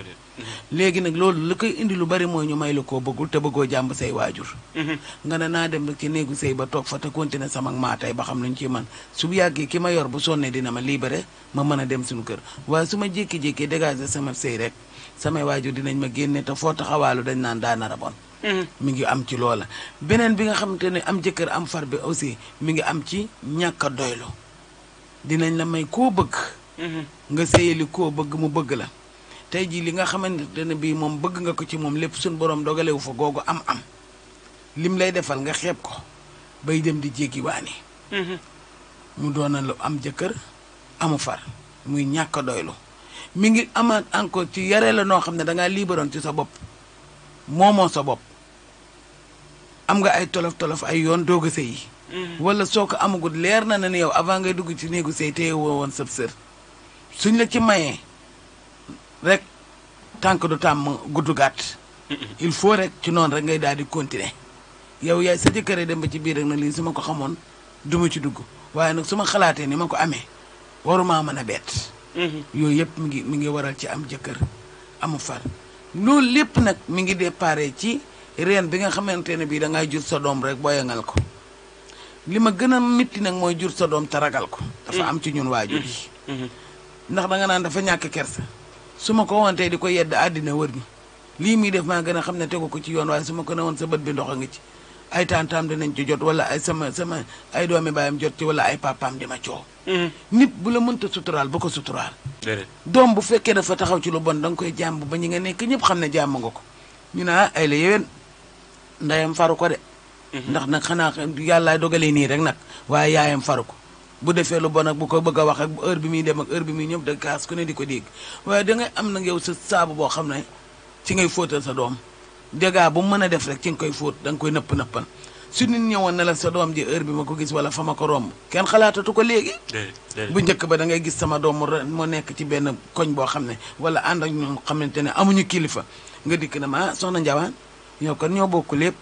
léegi nag loolu la koy indi lu bari mooy ñu may la koo bëggul te bëggoo jàmb say waajur mhm. nga ne naa dem ci néegu sëy ba toog fa te continuer sama maa tey ba xam luñ ci man su yàggee ki ma yor bu sonnee dina ma libéré ma mën a dem suñu kër waaye su ma jékki-jékkee dégager sama sëy rek samay waajur dinañ ma génne te foo taxawaalu dañ naan daa nar bon mhm. mi ngi am ci loola beneen bi nga xamante ne am jëkkër am far bi aussi mi ngi am ci ñàkk a doylu dinañ la may koo bëgg mhm. nga sëyali koo bëgg mu bëgg la tey jii li nga xamante ne bii moom bëgg nga ko ci moom lépp suñ borom dogalewu fa googu am-am lim lay defal nga xeeb ko bay dem di jéggi waane mm-hmm. mu doona lu am jëkkër amu far muy ñàkk a doylu mi ngi am encore ci yare la noo xam ne da ngaa liibaroon ci sa bopp moomoo sa bopp am nga ay tolof tolof ay yoon doog a sëy mm-hmm. soo ko amagul leer na ne yow avant ngay dugg ci néegu sëy téye woo woon sëb sër suñ la ci mayee rek tànk du tàmm gudd gàtt il faut rek ci noonu rek ngay daal di continuer yow yaay sa jëkkëree dem ba ci biir rek na lii su ma ko xamoon du ci dugg waaye nag su ma xalaatee ni ma ko amee waruma mën a bett mm-hmm. yooyu yëpp mu ngi mi ngi waral ci am jëkkër amu far loolu lépp nag mi ngi déparé ci reen bi nga xamante ne bii da ngay jur sa doom rek boyangal ko li ma gën a métti nag mooy jur sa doom te ragal ko dafa mm-hmm. am ci ñun waajur yi mm-hmm. ndax da nga naan dafa ñàkk kersa su ma ko woon di koy yedd àddina wër mi lii muy def maa gën a xam ne tegu ko ci yoon waaye su ma ko ne woon sa bët bi ndox a ngi ci ay taantaam dinañ ci jot wala ay sama sama ay doomi baayam jot ci wala ay papaam di ma coow. Mm-hmm. nit bu la mënta suturaal bu ko suturaal. doom bu fekkee dafa taxaw ci lu bon da nga koy jàmb ba ñi nga nekk ñëpp xam ne jàmm nga ko ñu naa ah, ay la yéwén ndayam faru ko de. Mm-hmm. ndax nag xanaa yàlla dogalee nii rek nag waaye yaayam faru ko. bu defee lu bon ak bu ko bëgg a wax ak heure bi muy dem ak heure bi muy ñëw da kaas ku ne di ko dégg waaye dangay am na yow sa saabu boo xam ne ci ngay fóotal sa doom dégaa bu mën a def rek ci nga koy fóot da nga koy nëpp nëppan su ñëwoon ne la sa doom ji heure bi ma ko gis wala fa ma ko romb kenn xalaatatu ko léegi bu njëkk ba da ngay gis sama doom mu nekk ci benn koñ boo xam ne wala ànd ak ñoo xamante ne amuñu kilifa nga dikk na ma ah, soxna Njawaan yow kon ñoo bokk lépp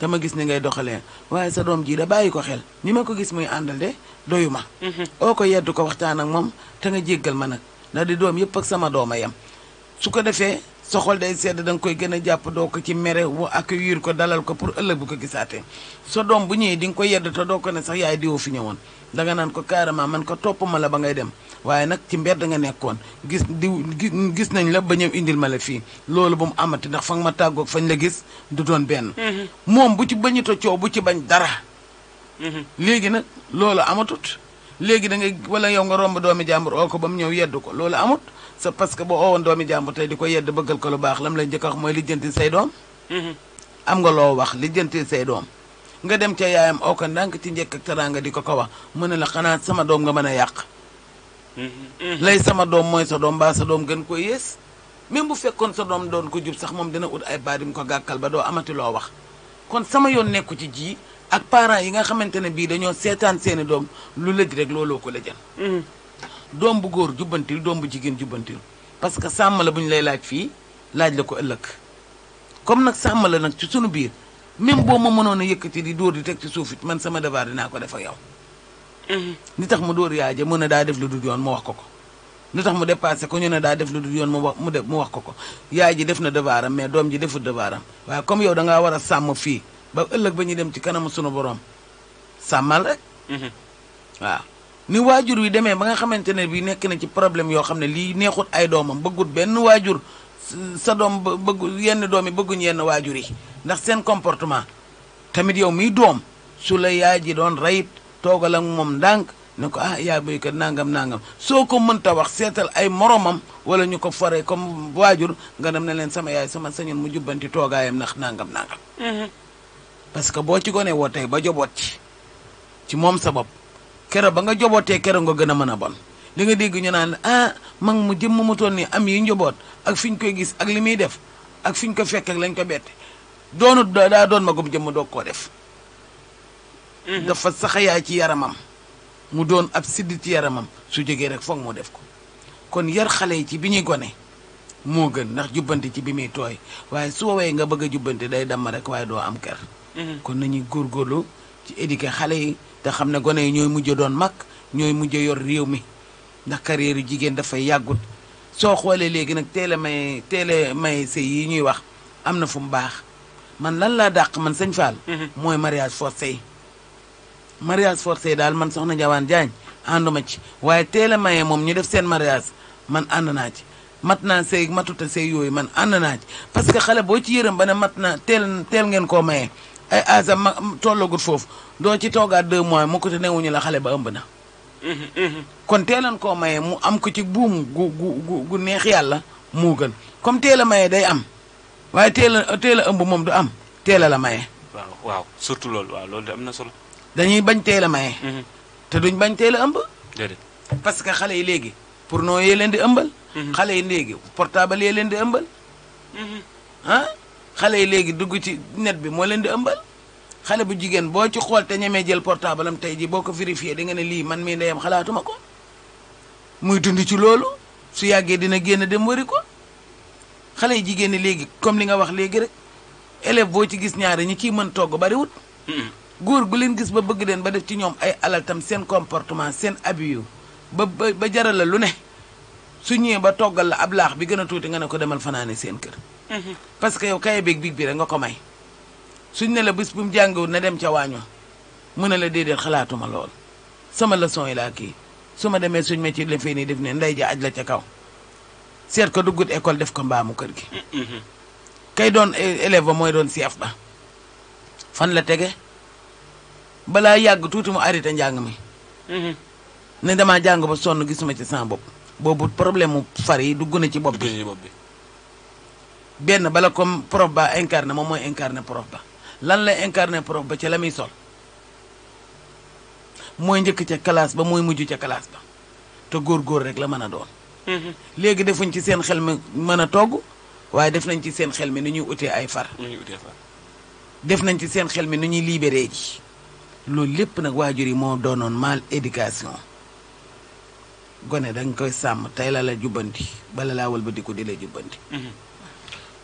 dama gis ni ngay doxalee waaye sa doom jii da bàyyi ko xel ni ma ko gis muy àndal de doyu ma mhm. oo ko yeddu ko waxtaan ak moom te nga jéggal ma nag ndax di doom yëpp ak sama doom a su ko defee sa xol day sedd da koy gën a jàpp doo ko ci mere wu accueillir ko dalal ko pour ëllëg bu ko gisaatee sa doom bu ñëwee di nga ko yedd te doo ko ne sax yaay diwoo fi ñëwoon danga naan ko carrément man ko topp ma la ba ngay dem waaye nag ci mbedd nga nekkoon gis diw gis nañ la ba ñëw indil ma la fii loolu ba mu amati ndax fa ma tàggoog fañ la gis du doon benn. Mhm. moom bu ci bañut a coow bu ci bañ dara. Mhm. léegi na loolu amatut. léegi da ngay wala yow nga romb doomi jàmbur oo ko ba mu ñëw yedd ko loolu amut sa parce que oo woon doomi jàmbur tey di ko yedd bëggal ko lu baax lam lay njëkk a wax say doom mm-hmm. am nga loo wax lijjanti say doom nga dem ca yaayam oo ndànk ci njëkk ak teraanga di ko ko wax mu ne la xanaa sama doom nga mën a yàq mm-hmm. sama doom mooy sa doom mbaa sa doom gën ko yées même bu fekkoon sa doom doon ko jub sax moom dana ut ay baadim ko gàkkal ba doo amati loo wax kon sama yoon nekku ci ji ak parent yi nga xamante ne bii dañoo seetaan seeni doom lu lëj rek looloo ko lëjal mm-hmm. doom bu góor jubbantil doom bu jigéen jubbantil parce que sàmm la bu ñu lay laaj fii laaj la ko ëllëg comme nag sàmm la nag ci sunu biir même boo ma mënoon a yëkkati di dóor di teg ci suuf it man sama devoir dinaa ko def ak yow mm-hmm. li tax mu dóor yaay ja mën a daa def lu dul yoon mu wax ko ko li tax mu dépassé ko ñu ne daa def lu dul yoon mu mu def mu wax ko ko yaay ji def na devoiram mais doom ji deful devoiram waaye comme yow da ngaa war a sàmm fii ba ëllëg ba ñuy dem ci kanamu sunu borom sàmmal rek. Mhm. waaw ni waajur wi demee ba nga xamante ne bii nekk na ci problème yoo xam ne lii neexut ay doomam bëggut benn waajur sa doom ba bëggu yenn doom yi bëgguñ yenn waajur yi ndax seen comportement tamit yow miy doom su la yaay ji doon rayit toogal ak moom ndànk ne ko ah yaa béykat nangam nangam soo ko mënta wax seetal ay moromam wala ñu ko fore comme waajur nga dem na leen sama yaay sama sañoon mu jubbanti toogaayam ndax nangam nangam. Mhm. parce que boo ci gonee woo ba joboot ci ci moom sa bopp kero ba nga jobootee kero nga gën a mën a bon li nga dégg ñu naan ah mag mu jëm mu toll nii am yi njoboot ak fi ñu koy gis ak li muy def ak fi ko fekk ak lañ ko bett doonut daa doon magum jëm mu doog koo def mm-hmm. fa saxayaay ci yaramam mu doon ab sidd ci yaramam su jegee rek foog mu def ko kon yar xale yi ci bi ñuy gone moo gën ndax jubbanti ci bi muy tooy waaye su woowee nga bëgg a jubbanti day damm rek waaye doo am ker Mm-hmm. kon nañuy góorgóorlu ci éduquer xale yi te xam ne gone yi ñooy mujj doon mag ñooy mujj yor réew mi ndax carrière yu jigéen dafay yàggut soo xoolee léegi nag teel a may teel a may sëy yi ñuy wax am na fu mu baax man lan laa dàq man sëñ Fall. Mm-hmm. mooy mariage forcé yi mariage forcé daal man soxna Ndiawaan Diagne ànduma ci waaye teel a maye moom ñu def seen mariage man ànd naa ci mat naa sëy matuta sëy yooyu man ànd naa ci parce que xale boo ci yërëm ba ne mat naa teel teel ngeen koo maye ay eh, asa ma tollagut foofu doo ci toogaat deux mois mu ko te ñu la xale ba ëmb na mhm, mhm. kon teelan koo maye mu am ko ci buum gu gu gu neex yàlla moo gën comme teel a maye day am waaye teel a ëmb moom du am teel a la maye. waaw waaw surtout loolu waaw loolu de am na solo. dañuy bañ teel a maye. Mhm. te duñ bañ teel a ëmb. parce que xale yi léegi pour noo yee leen di ëmbal. xale yi léegi portable yee leen di ëmbal. ah xale yi léegi dugg ci net bi moo leen di ëmbal xale bu jigéen boo ci xool te ñemee jël portable am tey ji boo ko vérifié di nga ne lii man mii ndeyam xalaatuma ko muy dund ci loolu su yàggee dina génn dem wari ko xale yi jigéen ñi léegi comme li nga wax léegi rek élève boo ci gis ñaari ñi ciy mën togg bariwut góor gu leen gis ba bëgg leen ba def ci ñoom ay alal tam seen comportement seen abus ba ba ba jaral la lu ne su ñëwee ba toggal la ab laax bi gën a tuuti nga ne ko demal fanaane seen kër parce que yow kay beeg biig bi nga ko may suñ ne la bés bu mu jàngewul na dem ca waañu mu ne la déedéet xalaatuma lool sama leçon yi laa kii su ma demee suñ ma ci fii nii def ne nday ja aj la ca kaw seet ko école def ko mbaamu kër gi kay ba mooy doon chef ba fan la tege balaa yàgg tuuti mu arrêté njàng mi ne jàng ba sonn gisuma ci sama bopp boobu problème far yi dugg na ci bopp benn bala comme prof ba incarné moom mooy incarné prof ba lan lay incarné prof ba ca la muy sol mooy njëkk ca classe ba mooy mujj ca classe ba te góor-góor rek la mën a doon. Mm-hmm. léegi defuñ ci seen xel mi mën a togg waaye def nañ ci seen xel mi ni ñuy utee ay far. def nañ ci seen xel mi ni ñuy libéré ji loolu lépp nag waajur yi moo doonoon mal éducation gone danga koy sàmm tey la la jubbanti bala laa wëlbatiku di la jubbanti. Mm-hmm.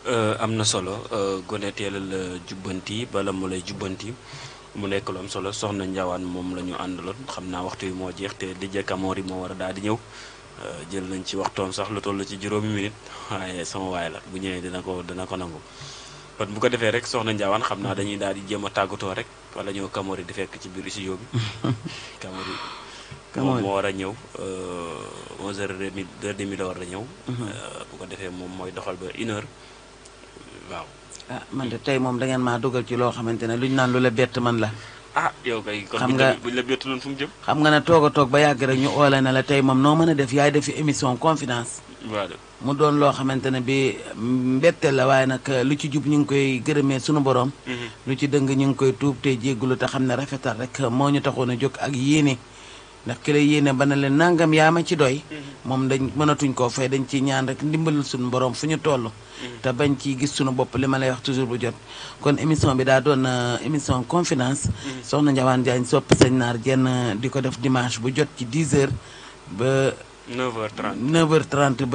Euh, am na solo euh, gone teelal la jubbanti bala mu lay jubbanti mu nekk lu am solo soxna Njawaan moom la ñu àndaloon xam naa waxtu yi moo jeex te DJ Kamori moo war a daal di ñëw euh, jël nañ ci waxtoom sax lu toll ci juróomi minute waaye sama waay la bu ñëwee dina ko dina ko nangu. kon bu ko defee rek soxna Ndiawane xam naa dañuy daal di jéem a tàggatoo rek wala ñëw Kamori di fekk ci biir studio bi. Kamori Kamori moo war a ñëw 11h30 2h30 la war a ñëw. Mhm. bu ko defee moom mooy doxal ba une waaw. ah man de tey moom da ngeen maa dugal ci loo xamante ne luñ naan lu la bett man la. Ah, yow kay kon xam nga buñ la bett noonu fu xam nga ne toog a ba yàgg rek ñu oole na la tey moom noo mën a def yaay defi émission confidence. waaw mu doon loo xamante ne bi mbetteel la waaye nag lu ci jub ñu ngi koy gërëmee sunu borom. Mm-hmm. lu ci dëng ñu ngi koy tuub te jéggulu te xam ne rafetal rek moo ñu taxoon a jóg ak yéene. ndax ki lay yéene ba leen nangam yaa ma ci doy. moom dañ mënatuñ koo fay dañ ciy ñaan rek ndimbalal suñu boroom fu ñu toll. te bañ ciy gis suñu bopp li ma lay wax toujours bu jot. kon émission bi daa doon euh, émission confidence. Mm-hmm. soxna Ndiawane Diagne sopp sëñ naar jenn euh, di ko def dimanche bu jot ci 10h 9 h ba. 11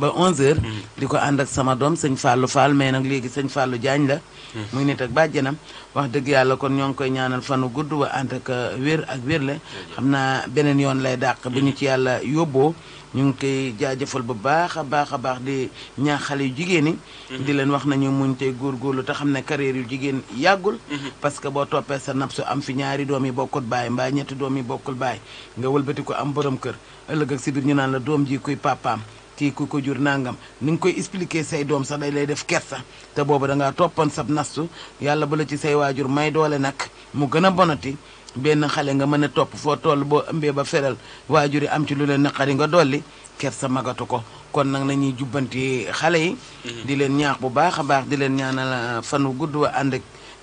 ba 11h. Mhm. di ko ànd ak sama doom sëñ Fallou Fall mais nag léegi sëñ Fallou jaañ la. Mhm. muy nit ak bàjjenam wax dëgg yàlla kon ñoo ngi koy ñaanal fanu gudd wa ànd ak euh, wér ak wér la. xam naa beneen yoon lay dàq. bu ñu ci yàlla yóbboo. ñu ngi koy jaajëfal bu baax a baax a baax di ñaax xale yu jigéen yi mhm. di leen wax nañu muñ tey góor góorgóorlu te xam ne carrière yu jigéen yàggul. Mhm. parce que boo toppee sa nab su am fi ñaari doom yi bokkul baay mbaa ñetti doom yi bokkul baay nga wëlbati ko am borom kër ëllëg ak si biir ñu naan la doom ji kuy papaam. kii ku ko jur nangam ni nga koy expliquer say doom sax day lay def kersa te boobu da ngaa toppoon sab nastu yàlla bu la ci say waajur may doole nag mu gën a bonati. benn xale nga mën a topp foo toll boo ëmbee ba feral waajur yi am ci lu leen naqari nga dolli ker sa magatu ko kon nag nañuy jubbanti xale yi mm-hmm. di leen ñaax bu baax a baax di leen ñaanal uh, fan wu gudd wa ànd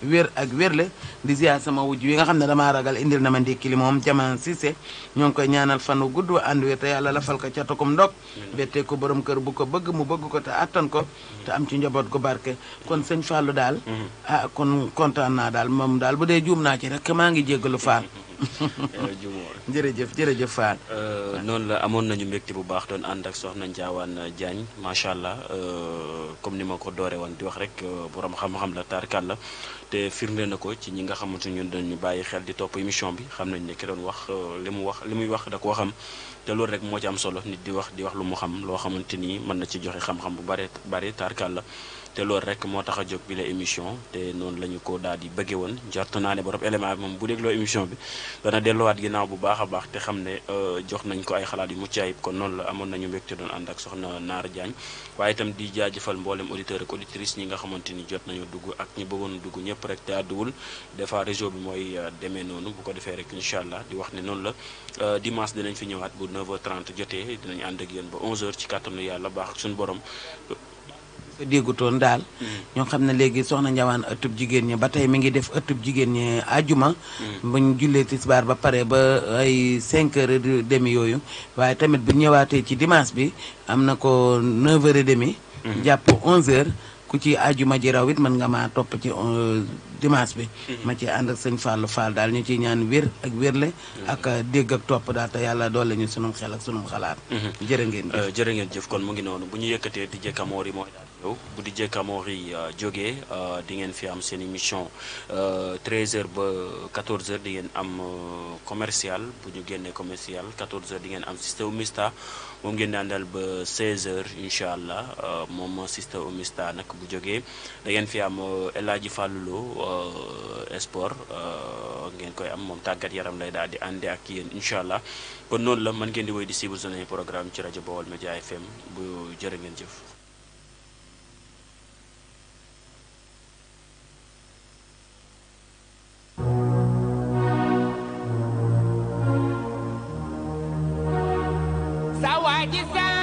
wér ak wérle di ziar sama wujj wi nga xam ne damaa ragal indil na ma ndékki li moom jaman Cissé ñoo ngi koy ñaanal fanu gudd wa ànd wér te yàlla lafal ko catukum ndog bettee ko boroom kër bu ko bëgg mu bëgg ko te attan ko te am ci njaboot ko barke kon sëñ Fallou daal mhm. ah kon kontaan na daal moom daal bu dee juum naa ci rek maa ngi jéggalu Fall eh, jërëjëf jërëjëf Fall euh, noonu la amoon nañu mbégte bu baax doon ànd ak soxna Ndiawane Diagne macha allah euh, comme ni ma ko doore wan di wax rek euh, borom xam-xam la taarkan la firnde na ko ci ñi nga xamante ñun ñu bàyyi xel di topp émission bi xam nañ ne ki doon wax euh, li mu wax li muy wax da koo xam te loolu rek moo ci am solo nit di wax di wax lu mu xam loo xamante ni mën na ci joxe xam-xam bu bare bare taarkaal la te loolu rek moo tax a jóg bi la émission te noonu la ñu ko daal di bëggee woon njort naa ne borom élément bi moom bu dégloo émission bi dana delluwaat ginnaaw bu baax a baax te xam ne euh, jox nañ ko ay xalaat yu mucc ayib kon noonu la amoon nañu mbégte doon ànd ak soxna Naar Diagne waaye itam di jaajëfal mbooleem auditeur ak auditrice ñi nga xamante ni jot nañu dugg ak ñi bëggoon dugg ñëpp rek te àdduwul des fois réseau bi mooy euh, demee noonu bu ko defee rek incha allah di wax ne noonu la euh, dimanche dinañ fi ñëwaat bu 9 h jotee dinañ ànd yéen ba 11h ci kàttanu yàlla baax ak borom fa déggutoon daal ñoo xam na léegi soxna njawaan ëttub jigéen ñi ba tey mi ngi def ëttub jigéen ñi ajuma mm. buñ jullee tisbaar ba pare ba ay cinq heures et demi yooyu waaye tamit bu ñëwaatee ci dimanche bi am na ko 9 heures demi mm-hmm. jàpp 11 heures ku ci ajuma ji raw it mën nga maa topp ci euh, dimanche bi mm-hmm. ma ci ànd ak sëñ Fallou Fall daal ñu ciy ñaan wér ak wérle mm-hmm. ak euh, dégg ak topp daal te yàlla doole ñu sunum xel ak sunum xalaat jërë ngeen jëf euh, jërë ngeen jëf kon mu ngi noonu bu ñu yëkkatee di jëkkamoor yi mooy bu di jëkk amoor yi euh, jógee euh, di ngeen fi am seen émission 13h euh, ba 14 di ngeen am commercial bu ñu génnee commercial 14h di ngeen am Sister Omista moom ngeen di àndal ba 16h incha allah moom Sister mista nag bu jógee da ngeen fi am El Hadji Fallou sport ngeen koy am moom tàggat yaram lay daal di àndee ak yéen incha allah kon noonu la man ngeen di woy di suivre suñu programme ci rajo Baol Média FM bu jërë ngeen jëf. Sawaji sa